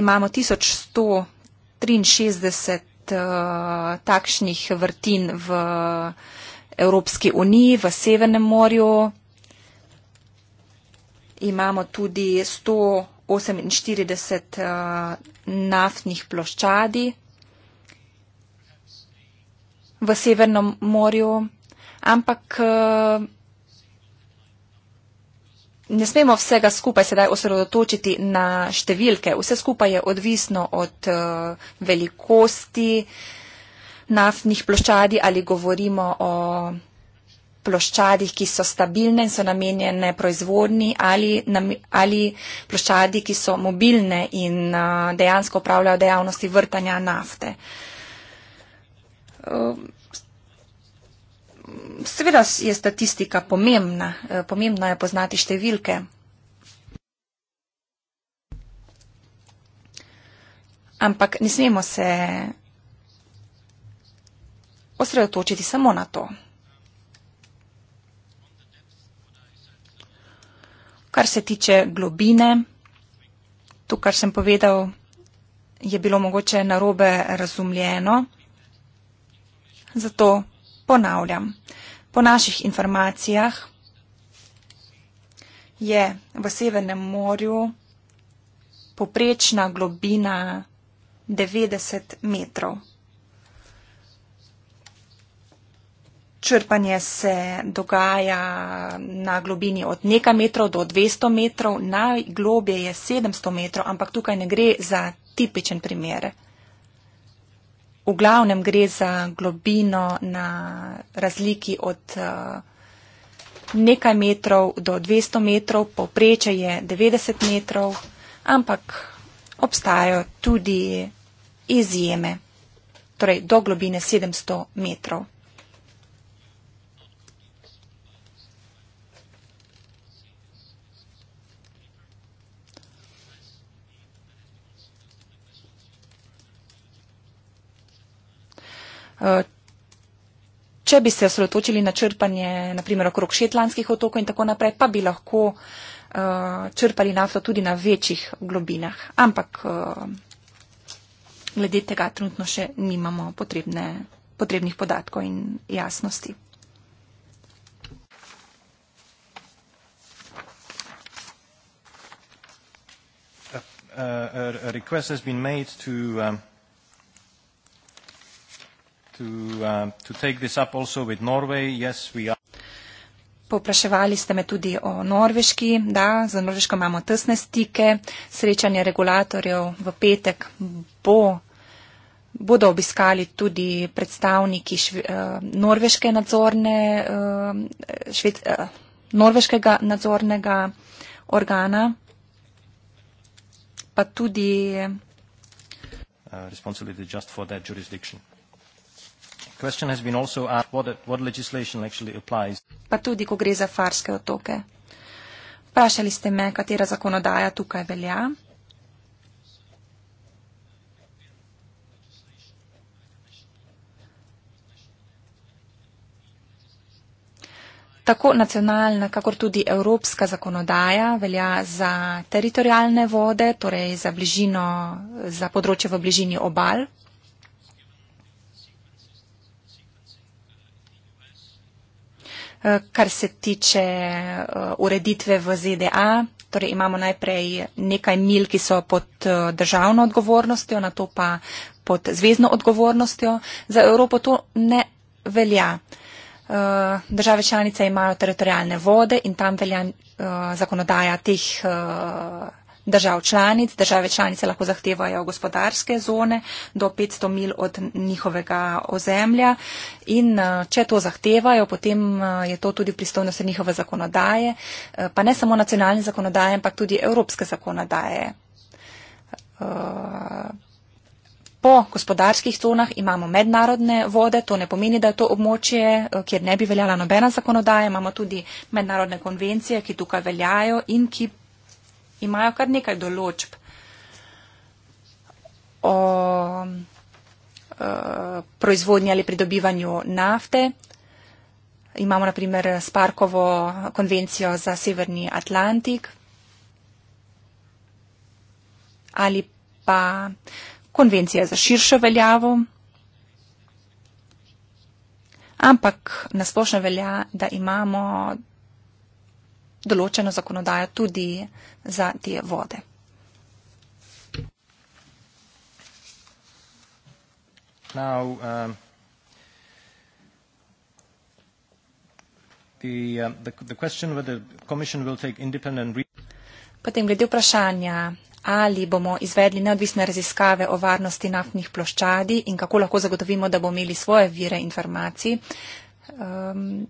Imamo 1163 uh, takšnih vrtin v Evropski uniji, v Severnem morju. Imamo tudi 148 uh, eh, naftnih ploščadi v Severnem morju, ampak uh, ne smemo vsega skupaj sedaj osredotočiti na številke. Vse skupaj je odvisno od uh, velikosti naftnih ploščadi ali govorimo o ploščadi, ki so stabilne in so namenjene proizvodni ali, ali ploščadi, ki so mobilne in uh, dejansko upravljajo dejavnosti vrtanja nafte. Uh, seveda je statistika pomembna, eh, pomembno je poznati številke. Ampak ne smemo se osredotočiti samo na to. Kar se tiče globine, to, kar sem povedal, je bilo mogoče narobe razumljeno. Zato ponavljam. Po naših informacijah je v Severnem morju poprečna globina 90 metrov. Črpanje se dogaja na globini od nekaj metrov do 200 metrov, najgloblje je 700 metrov, ampak tukaj ne gre za tipičen primer v glavnem gre za globino na razliki od eh, nekaj metrov do 200 metrov, povpreče je 90 metrov, ampak obstajajo tudi izjeme, torej do globine 700 metrov. Če bi se osredotočili na črpanje, naprimer okrog Šetlanskih otokov in tako naprej, pa bi lahko eh, črpali nafto tudi na večjih globinah. Ampak eh, glede tega trenutno še nimamo potrebne, potrebnih podatkov in jasnosti. Uh, a request has been made to um, to, uh, to take this up also with Norway. Yes, we are. Popraševali ste me tudi o Norveški. Da, za Norveško imamo tesne stike. Srečanje regulatorjev v petek bo, bodo obiskali tudi predstavniki šve, eh, norveške nadzorne, eh, šved, eh, norveškega nadzornega organa, pa tudi. Uh, pa tudi, ko gre za farske otoke. Vprašali ste me, katera zakonodaja tukaj velja. Tako nacionalna, kakor tudi evropska zakonodaja velja za teritorijalne vode, torej za, bližino, za področje v bližini obal, Eh, kar se tiče eh, ureditve v ZDA. Torej imamo najprej nekaj mil, ki so pod eh, državno odgovornostjo, na to pa pod zvezdno odgovornostjo. Za Evropo to ne velja. Države članice imajo teritorijalne vode in tam velja zakonodaja teh držav članic. Države članice lahko zahtevajo gospodarske zone do 500 mil od njihovega ozemlja in eh, če to zahtevajo, potem eh, je to tudi v pristojnosti njihove zakonodaje, eh, pa ne samo nacionalne zakonodaje, ampak tudi evropske zakonodaje. Po gospodarskih conah imamo mednarodne vode, to ne pomeni, da je to območje, kjer ne bi veljala nobena zakonodaja, imamo tudi mednarodne konvencije, ki tukaj veljajo in ki imajo kar nekaj določb o e, proizvodnji ali pridobivanju nafte. Imamo naprimer Sparkovo konvencijo za Severni Atlantik ali pa konvencija za širšo veljavo. Ampak nasplošno velja, da imamo določeno zakonodajo tudi za te vode. Now, um, the, uh, the, the question whether the Commission will take independent Potem glede vprašanja, ali bomo izvedli neodvisne raziskave o varnosti naftnih ploščadi in kako lahko zagotovimo, da bomo imeli svoje vire informacij. Um,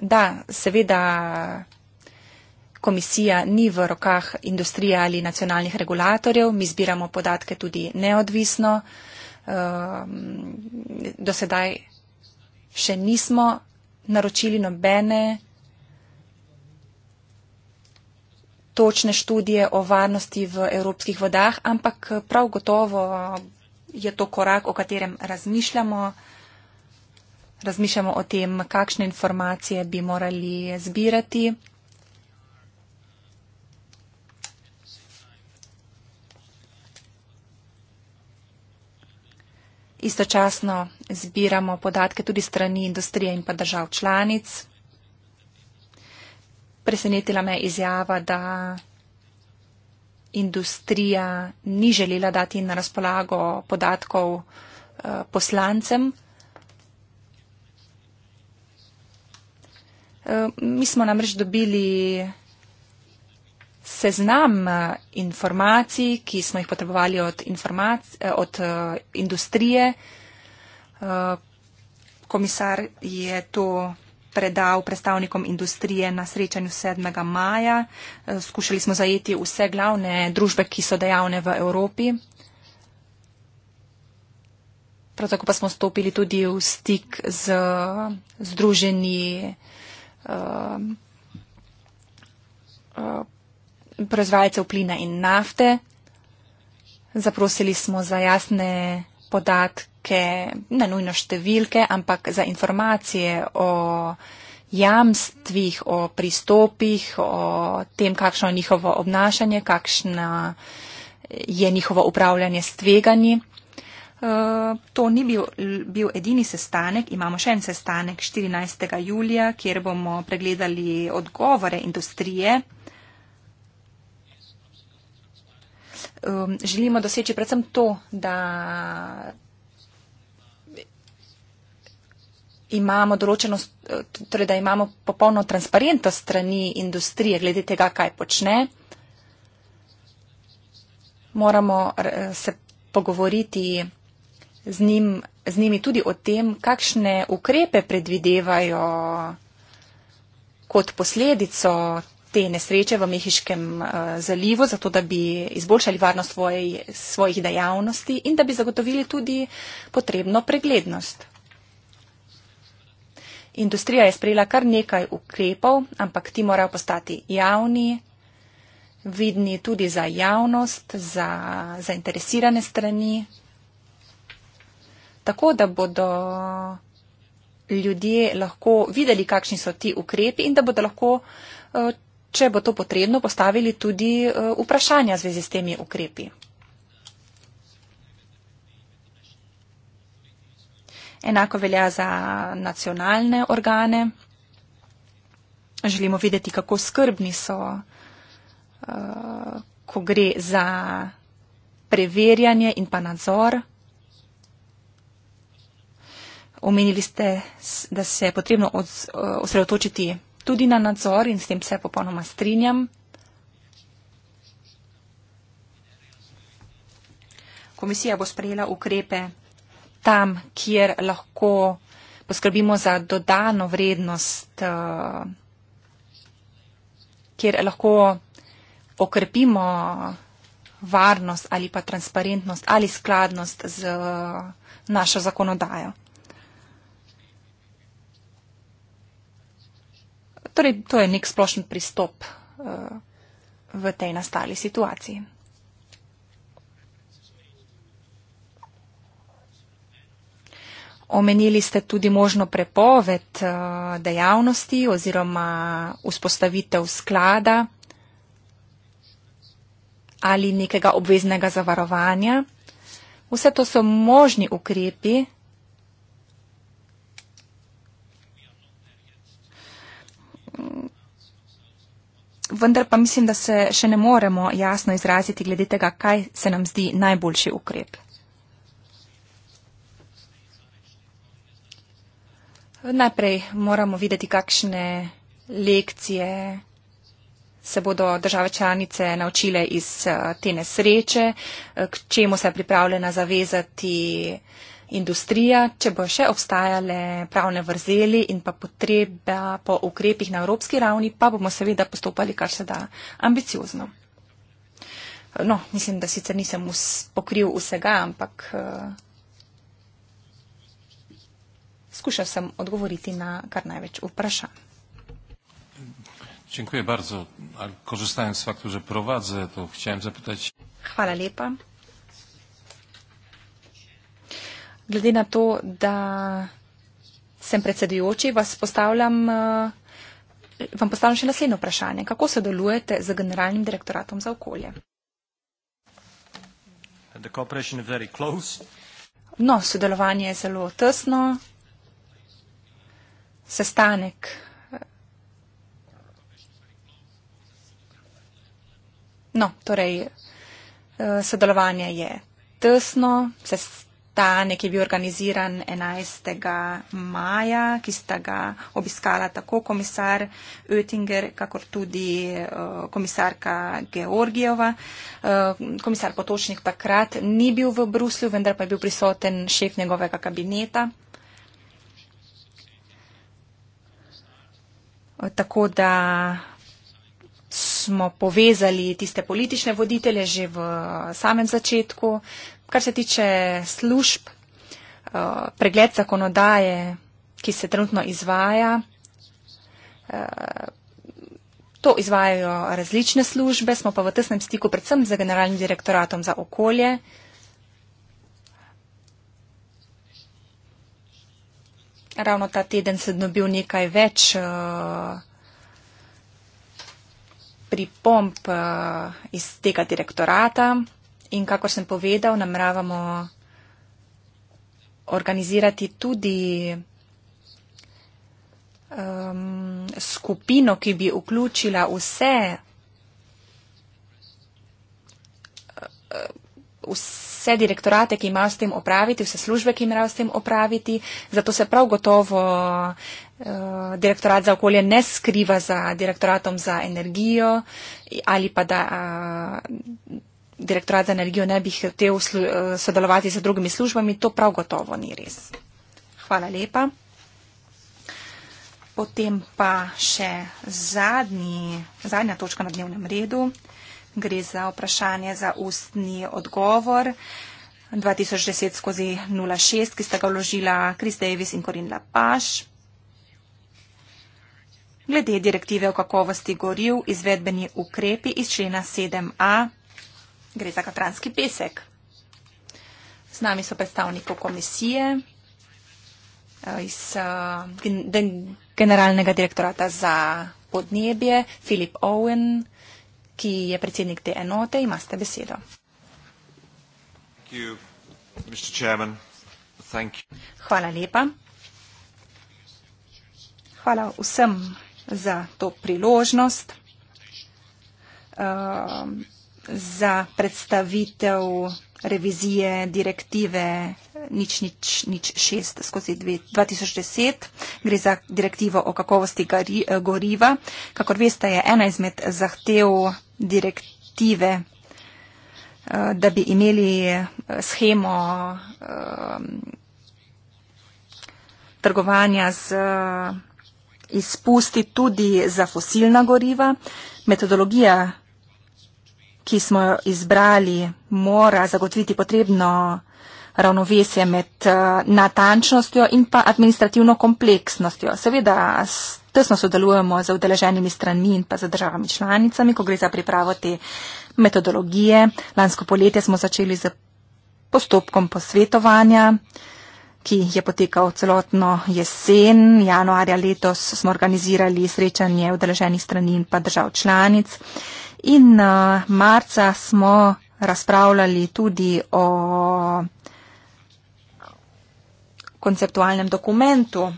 da, seveda komisija ni v rokah industrije ali nacionalnih regulatorjev, mi zbiramo podatke tudi neodvisno. Ehm, do sedaj še nismo naročili nobene točne študije o varnosti v evropskih vodah, ampak eh, prav gotovo je to korak, o katerem razmišljamo. Razmišljamo o tem, kakšne informacije bi morali zbirati. Istočasno zbiramo podatke tudi strani industrije in pa držav članic. Presenetila me je izjava, da industrija ni želela dati na razpolago podatkov eh, poslancem. Eh, mi smo namreč dobili seznam eh, informacij, ki smo jih potrebovali od, eh, od uh, industrije. Uh, komisar je to predal predstavnikom industrije na srečanju 7. maja. Uh, skušali smo zajeti vse glavne družbe, ki so dejavne v Evropi. Prav tako pa smo stopili tudi v stik z združenji uh, uh, proizvajalcev plina in nafte. Zaprosili smo za jasne podatke, ne nujno številke, ampak za informacije o jamstvih, o pristopih, o tem, kakšno je njihovo obnašanje, kakšno je njihovo upravljanje s tveganji. Uh, to ni bil, bil edini sestanek, imamo še en sestanek 14. julija, kjer bomo pregledali odgovore industrije. um, želimo doseči predvsem to, da imamo določeno, torej da imamo popolno transparentnost strani industrije glede tega, kaj počne. Moramo eh, se pogovoriti z, njim, z njimi tudi o tem, kakšne ukrepe predvidevajo kot posledico te nesreče v Mehiškem eh, zalivu, zato da bi izboljšali varnost svoji, svojih dejavnosti in da bi zagotovili tudi potrebno preglednost. Industrija je sprejela kar nekaj ukrepov, ampak ti morajo postati javni, vidni tudi za javnost, za zainteresirane strani, tako da bodo ljudje lahko videli, kakšni so ti ukrepi in da bodo lahko eh, če bo to potrebno, postavili tudi eh, vprašanja v zvezi s temi ukrepi. Enako velja za nacionalne organe. Želimo videti, kako skrbni so, eh, ko gre za preverjanje in pa nadzor. Omenili ste, da se je potrebno eh, osredotočiti tudi na nadzor in s tem se popolnoma strinjam. Komisija bo sprejela ukrepe tam, kjer lahko poskrbimo za dodano vrednost, eh, kjer lahko okrepimo varnost ali pa transparentnost ali skladnost z eh, našo zakonodajo. Torej, to je nek splošen pristop uh, v tej nastali situaciji. Omenili ste tudi možno prepoved uh, dejavnosti oziroma vzpostavitev sklada ali nekega obveznega zavarovanja. Vse to so možni ukrepi. vendar pa mislim, da se še ne moremo jasno izraziti glede tega, kaj se nam zdi najboljši ukrep. Najprej moramo videti, kakšne lekcije se bodo države članice naučile iz eh, te nesreče, eh, k čemu se je pripravljena zavezati industrija, če bo še obstajale pravne vrzeli in pa potreba po ukrepih na evropski ravni, pa bomo seveda postopali kar se da ambiciozno. No, mislim, da sicer nisem pokril vsega, ampak uh, skušal sem odgovoriti na kar največ vprašanj. Dziękuję bardzo. Korzystając z faktu, że prowadzę, to chciałem zapytać. Chwala lepa. Glede na to, da sem predsedujoči, vas postavljam, eh, vam postavljam še naslednjo vprašanje. Kako sodelujete z Generalnim direktoratom za okolje? No, sodelovanje je zelo tesno. Sestanek eh, No, torej, eh, sodelovanje je tesno, sestanek je bil organiziran 11. maja, ki sta ga obiskala tako komisar Oettinger, kakor tudi eh, komisarka Georgijeva. Eh, komisar Potočnik takrat ni bil v Bruslju, vendar pa je bil prisoten šef njegovega kabineta. Eh, tako da smo povezali tiste politične voditelje že v samem začetku, kar se tiče služb, eh, pregled zakonodaje, ki se trenutno izvaja, eh, to izvajajo različne službe, smo pa v tesnem stiku predvsem z Generalnim direktoratom za okolje. Ravno ta teden se dobil nekaj več eh, pripomp iz tega direktorata. In kakor sem povedal, nameravamo organizirati tudi um, skupino, ki bi vključila vse, uh, vse direktorate, ki imajo s tem opraviti, vse službe, ki imajo s tem opraviti. Zato se prav gotovo uh, direktorat za okolje ne skriva za direktoratom za energijo ali pa da. Uh, direktorat za energijo ne bi hotel eh, sodelovati z drugimi službami, to prav gotovo ni res. Hvala lepa. Potem pa še zadnji, zadnja točka na dnevnem redu. Gre za vprašanje za ustni odgovor 2010 skozi 06, ki sta ga vložila Chris Davis in Corinne Lapaš. Glede direktive o kakovosti goril, izvedbeni ukrepi iz člena 7a gre za katranski pesek. Z nami so predstavniki komisije eh, iz eh, Generalnega direktorata za podnebje, Filip Owen, ki je predsednik te enote, imate besedo. Hvala lepa. Hvala vsem za to priložnost. Eh, za predstavitev revizije direktive nič, nič, nič šest skozi 2010. Gre za direktivo o kakovosti eh, goriva. Kakor veste, je ena izmed zahtev direktive, eh, da bi imeli eh, schemo trgovanja z izpusti tudi za fosilna goriva. Metodologija ki smo jo izbrali, mora zagotoviti potrebno ravnovesje med eh, natančnostjo in pa administrativno kompleksnostjo. Seveda, tesno sodelujemo z udeleženimi strani in pa z državami članicami, ko gre za pripravo te metodologije. Lansko poletje smo začeli z postopkom posvetovanja ki je potekal celotno jesen. Januarja letos smo organizirali srečanje vdeleženih strani in pa držav članic. In uh, marca smo razpravljali tudi o konceptualnem dokumentu,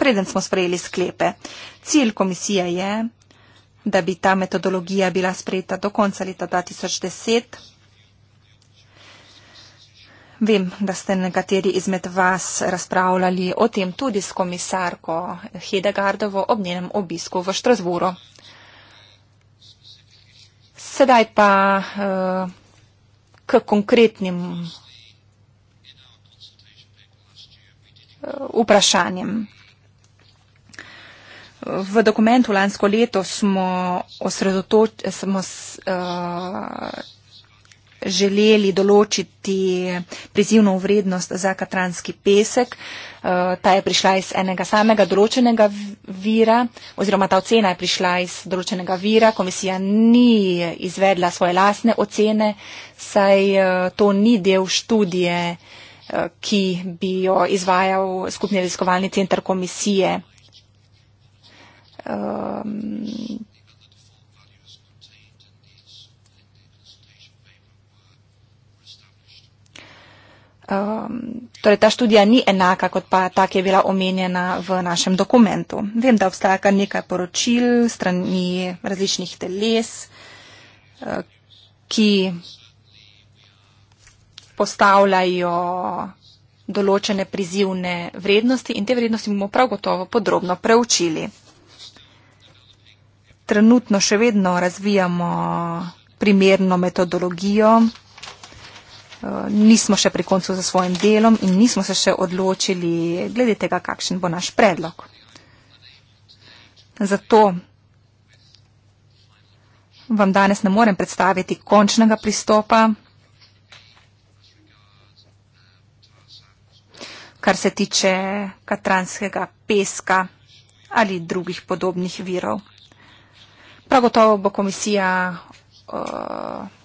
preden smo sprejeli sklepe. Cilj komisije je, da bi ta metodologija bila sprejeta do konca leta 2010. Vem, da ste nekateri izmed vas razpravljali o tem tudi s komisarko Hedegardovo ob njenem obisku v Štrasburu. Sedaj pa eh, k konkretnim eh, vprašanjem. V dokumentu lansko leto smo osredotočili, želeli določiti prizivno vrednost za katranski pesek. Eh, ta je prišla iz enega samega določenega vira oziroma ta ocena je prišla iz določenega vira. Komisija ni izvedla svoje lasne ocene, saj eh, to ni del študije, eh, ki bi jo izvajal skupni raziskovalni center komisije. Ehm, Um, torej, ta študija ni enaka, kot pa ta, ki je bila omenjena v našem dokumentu. Vem, da obstaja kar nekaj poročil strani različnih teles, uh, ki postavljajo določene prizivne vrednosti in te vrednosti bomo prav gotovo podrobno preučili. Trenutno še vedno razvijamo primerno metodologijo Eh, nismo še pri koncu za svojim delom in nismo se še odločili glede tega, kakšen bo naš predlog. Zato vam danes ne morem predstaviti končnega pristopa, kar se tiče katranskega peska ali drugih podobnih virov. Prav gotovo bo komisija uh,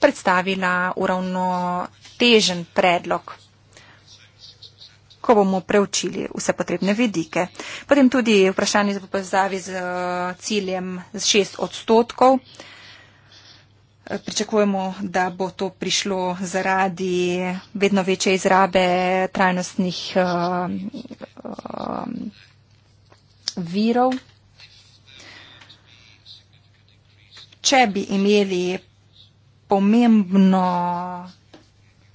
predstavila uravnotežen predlog, ko bomo preučili vse potrebne vidike. Potem tudi vprašanje za povezavi z eh, ciljem 6 odstotkov. Eh, pričakujemo, da bo to prišlo zaradi vedno večje izrabe trajnostnih uh, uh, virov. Če bi imeli pomembno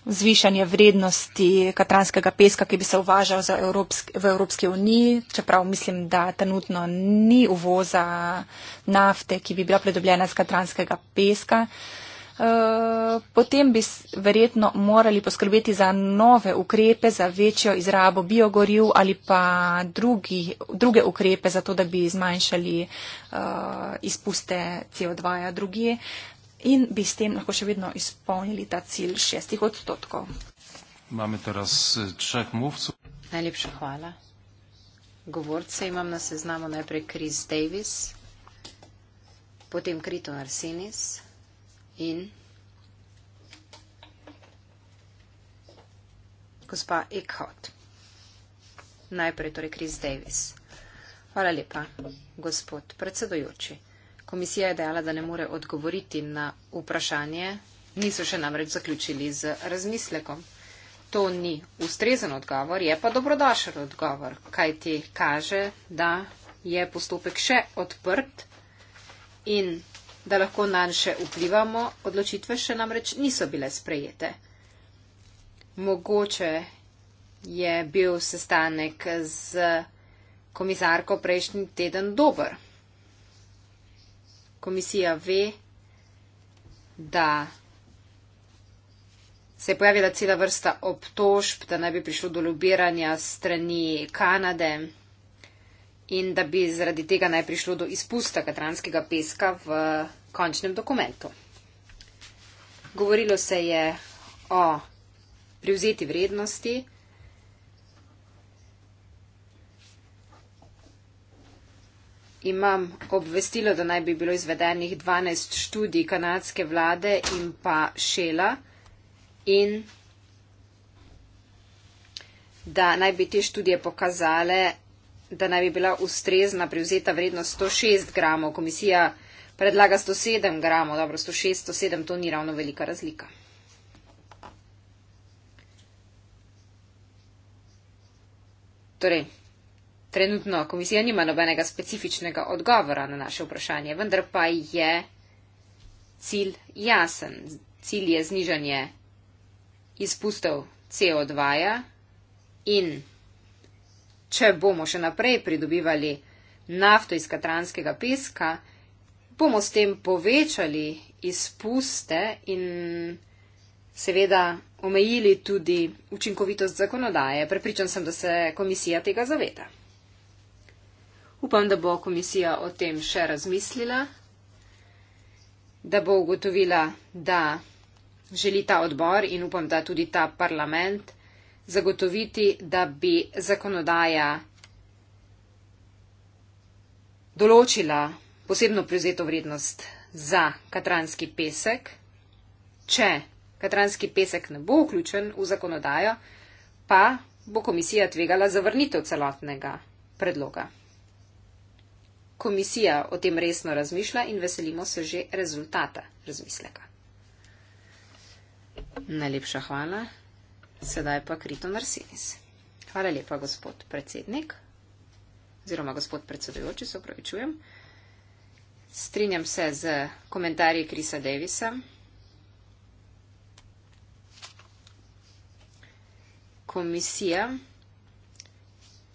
zvišanje vrednosti katranskega peska, ki bi se uvažal Evropsk, v Evropski uniji, čeprav mislim, da trenutno ni uvoza nafte, ki bi bila pridobljena z katranskega peska. Eh, potem bi verjetno morali poskrbeti za nove ukrepe, za večjo izrabo biogoriv ali pa drugi, druge ukrepe, zato da bi zmanjšali uh, izpuste CO2-ja drugi in bi s tem lahko še vedno izpolnili ta cilj šestih odstotkov. Imamo teraz čak eh, muvcu. Najlepša hvala. Govorce imam na seznamu najprej Chris Davis, potem Krito Arsenis in gospa Ekhot. Najprej torej Chris Davis. Hvala lepa, gospod predsedojoči. Komisija je dejala, da ne more odgovoriti na vprašanje, niso še namreč zaključili z razmislekom. To ni ustrezen odgovor, je pa dobrodošel odgovor, kaj ti kaže, da je postopek še odprt in da lahko na nje še vplivamo, odločitve še namreč niso bile sprejete. Mogoče je bil sestanek z komisarko prejšnji teden dober komisija ve, da se je pojavila cela vrsta obtožb, da naj bi prišlo do lobiranja strani Kanade in da bi zaradi tega naj prišlo do izpusta katranskega peska v končnem dokumentu. Govorilo se je o privzeti vrednosti, imam obvestilo, da naj bi bilo izvedenih 12 študij kanadske vlade in pa šela in da naj bi te študije pokazale, da naj bi bila ustrezna privzeta vrednost 106 gramov. Komisija predlaga 107 gramov, dobro, 106, 107, to ni ravno velika razlika. Torej, Trenutno komisija nima nobenega specifičnega odgovora na naše vprašanje, vendar pa je cilj jasen. Cilj je znižanje izpustov CO2 -ja in če bomo še naprej pridobivali nafto iz katranskega peska, bomo s tem povečali izpuste in seveda omejili tudi učinkovitost zakonodaje. Prepričan sem, da se komisija tega zaveda. Upam, da bo komisija o tem še razmislila, da bo ugotovila, da želi ta odbor in upam, da tudi ta parlament zagotoviti, da bi zakonodaja določila posebno prizeto vrednost za katranski pesek. Če katranski pesek ne bo vključen v zakonodajo, pa bo komisija tvegala zavrnitev celotnega predloga komisija o tem resno razmišlja in veselimo se že rezultata razmisleka. Najlepša hvala. Sedaj pa Krito Narsinis. Hvala lepa, gospod predsednik, oziroma gospod predsedujoči, se opravičujem. Strinjam se z komentarji Krisa Davisa. Komisija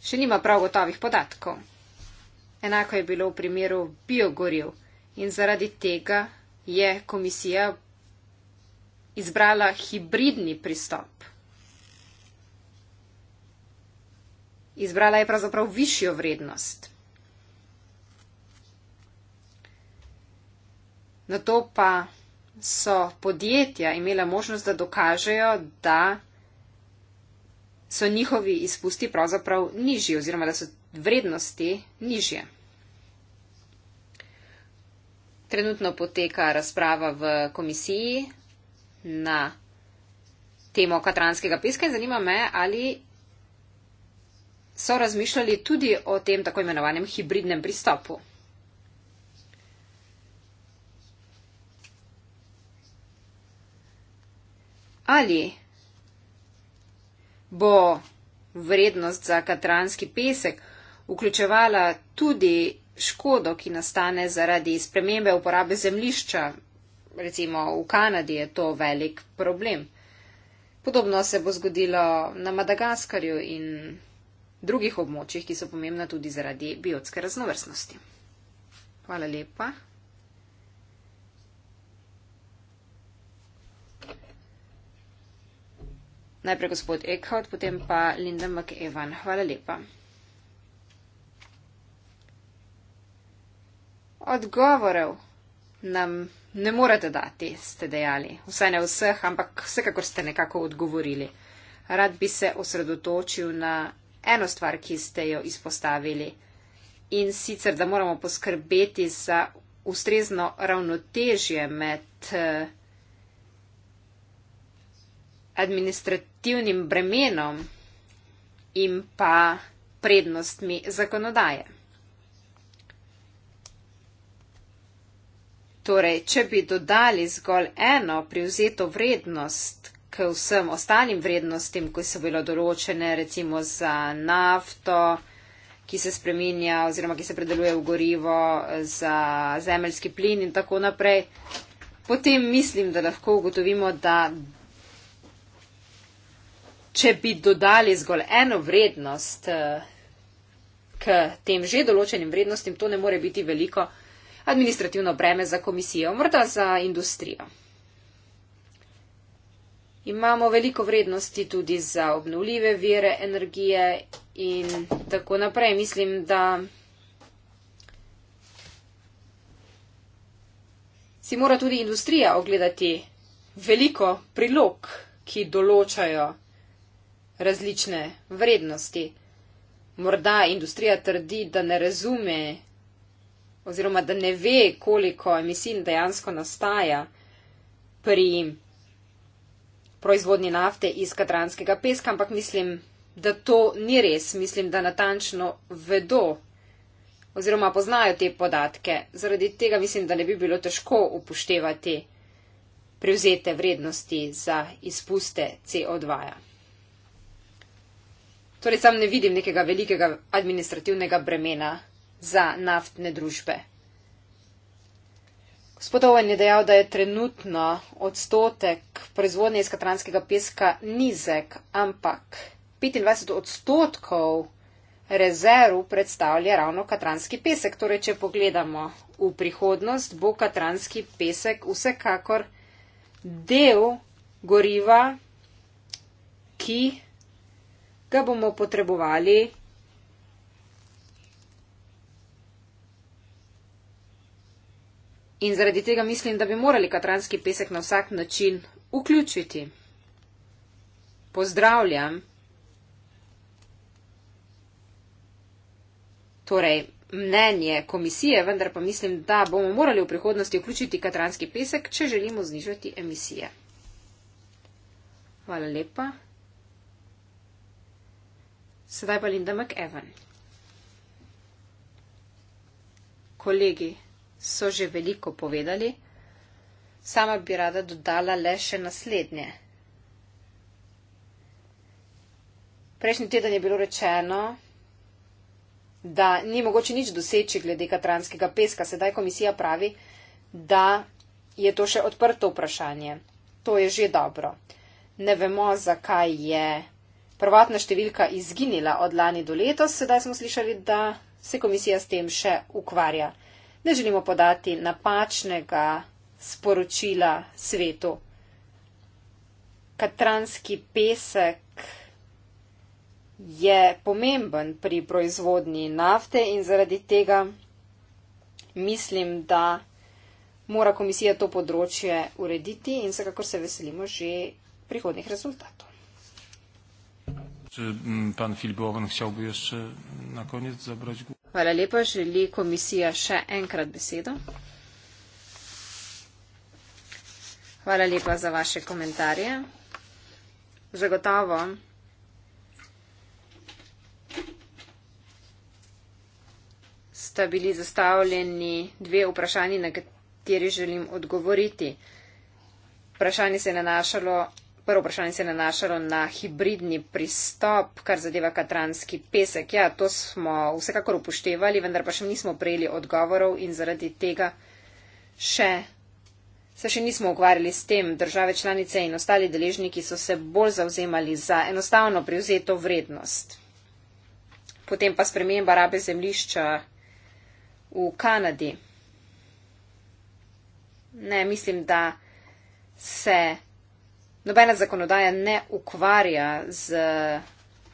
še nima prav gotovih podatkov. Enako je bilo v primeru biogorjev in zaradi tega je komisija izbrala hibridni pristop. Izbrala je pravzaprav višjo vrednost. Na to pa so podjetja imela možnost, da dokažejo, da so njihovi izpusti pravzaprav nižji oziroma da so vrednosti nižje. Trenutno poteka razprava v komisiji na temo katranskega piska in zanima me, ali so razmišljali tudi o tem tako imenovanem hibridnem pristopu. Ali bo vrednost za katranski pesek vključevala tudi škodo, ki nastane zaradi spremembe uporabe zemlišča. Recimo v Kanadi je to velik problem. Podobno se bo zgodilo na Madagaskarju in drugih območjih, ki so pomembna tudi zaradi biotske raznovrstnosti. Hvala lepa. Najprej gospod Eckhout, potem pa Linda McEwan. Hvala lepa. Odgovorov nam ne morete dati, ste dejali. Vsaj ne vseh, ampak vsekakor ste nekako odgovorili. Rad bi se osredotočil na eno stvar, ki ste jo izpostavili. In sicer, da moramo poskrbeti za ustrezno ravnotežje med eh, administrativnim bremenom in pa prednostmi zakonodaje. Torej, če bi dodali zgolj eno privzeto vrednost k vsem ostalim vrednostim, ki so bile določene, recimo za nafto, ki se spreminja oziroma ki se predeluje v gorivo, za zemeljski plin in tako naprej, potem mislim, da lahko ugotovimo, da če bi dodali zgolj eno vrednost eh, k tem že določenim vrednostim, to ne more biti veliko administrativno breme za komisijo, morda za industrijo. Imamo veliko vrednosti tudi za obnovljive vire energije in tako naprej. Mislim, da si mora tudi industrija ogledati veliko prilog, ki določajo različne vrednosti. Morda industrija trdi, da ne razume oziroma da ne ve, koliko emisij dejansko nastaja pri proizvodni nafte iz katranskega peska, ampak mislim, da to ni res. Mislim, da natančno vedo oziroma poznajo te podatke. Zaradi tega mislim, da ne bi bilo težko upoštevati prevzete vrednosti za izpuste CO2. -ja. Torej, sam ne vidim nekega velikega administrativnega bremena za naftne družbe. Gospod Owen je dejal, da je trenutno odstotek proizvodnje iz katranskega peska nizek, ampak 25 odstotkov rezerv predstavlja ravno katranski pesek. Torej, če pogledamo v prihodnost, bo katranski pesek vsekakor del goriva, ki ga bomo potrebovali In zaradi tega mislim, da bi morali katranski pesek na vsak način vključiti. Pozdravljam. Torej, mnenje komisije, vendar pa mislim, da bomo morali v prihodnosti vključiti katranski pesek, če želimo znižati emisije. Hvala lepa. Sedaj pa Linda McEwan. Kolegi so že veliko povedali. Sama bi rada dodala le še naslednje. Prejšnji teden je bilo rečeno, da ni mogoče nič doseči glede katranskega peska. Sedaj komisija pravi, da je to še odprto vprašanje. To je že dobro. Ne vemo, zakaj je prvotna številka izginila od lani do letos. Sedaj smo slišali, da se komisija s tem še ukvarja ne želimo podati napačnega sporočila svetu. Katranski pesek je pomemben pri proizvodnji nafte in zaradi tega mislim, da mora komisija to področje urediti in vsekakor se veselimo že prihodnih rezultatov. Mm, pan Filip Oven, htjel bi še na konec zabrati. Hvala lepa. Želi komisija še enkrat besedo? Hvala lepa za vaše komentarje. Zagotovo. Sta bili zastavljeni dve vprašanji, na kateri želim odgovoriti. Vprašanje se je nanašalo Prvo vprašanje se je nanašalo na hibridni pristop, kar zadeva katranski pesek. Ja, to smo vsekakor upoštevali, vendar pa še nismo prejeli odgovorov in zaradi tega še, se še nismo ukvarjali s tem. Države članice in ostali deležniki so se bolj zauzemali za enostavno privzeto vrednost. Potem pa sprememba rabe zemlišča v Kanadi. Ne, mislim, da se. Nobena zakonodaja ne ukvarja z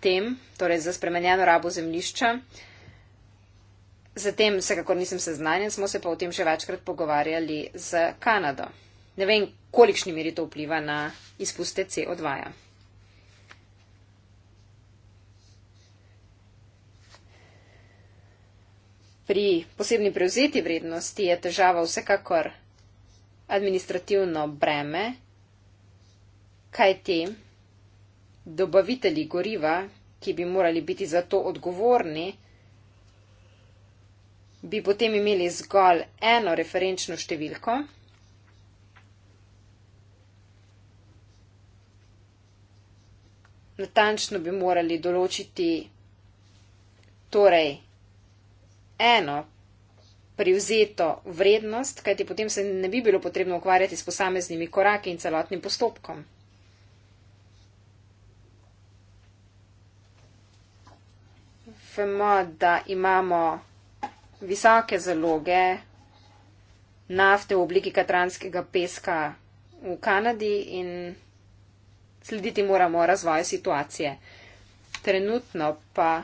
tem, torej z spremenjeno rabo zemljišča. Zatem vsekakor nisem seznanjen, smo se pa o tem še večkrat pogovarjali z Kanado. Ne vem, kolikšni meri to vpliva na izpuste CO2. -ja. Pri posebni prevzeti vrednosti je težava vsekakor administrativno breme, kaj ti, dobavitelji goriva, ki bi morali biti za to odgovorni, bi potem imeli zgolj eno referenčno številko. Natančno bi morali določiti torej eno privzeto vrednost, kajti potem se ne bi bilo potrebno ukvarjati s posameznimi koraki in celotnim postopkom. vemo, da imamo visoke zaloge nafte v obliki katranskega peska v Kanadi in slediti moramo razvoju situacije. Trenutno pa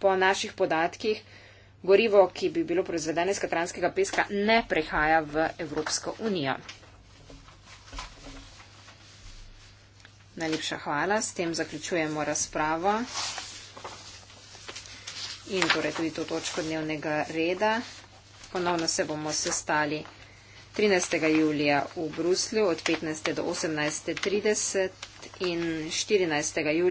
po naših podatkih gorivo, ki bi bilo proizvedeno iz katranskega peska, ne prehaja v Evropsko unijo. Najlepša hvala, s tem zaključujemo razpravo in torej tudi to točko dnevnega reda. Ponovno se bomo sestali 13. julija v Bruslju od 15. do 18.30 in 14. julija.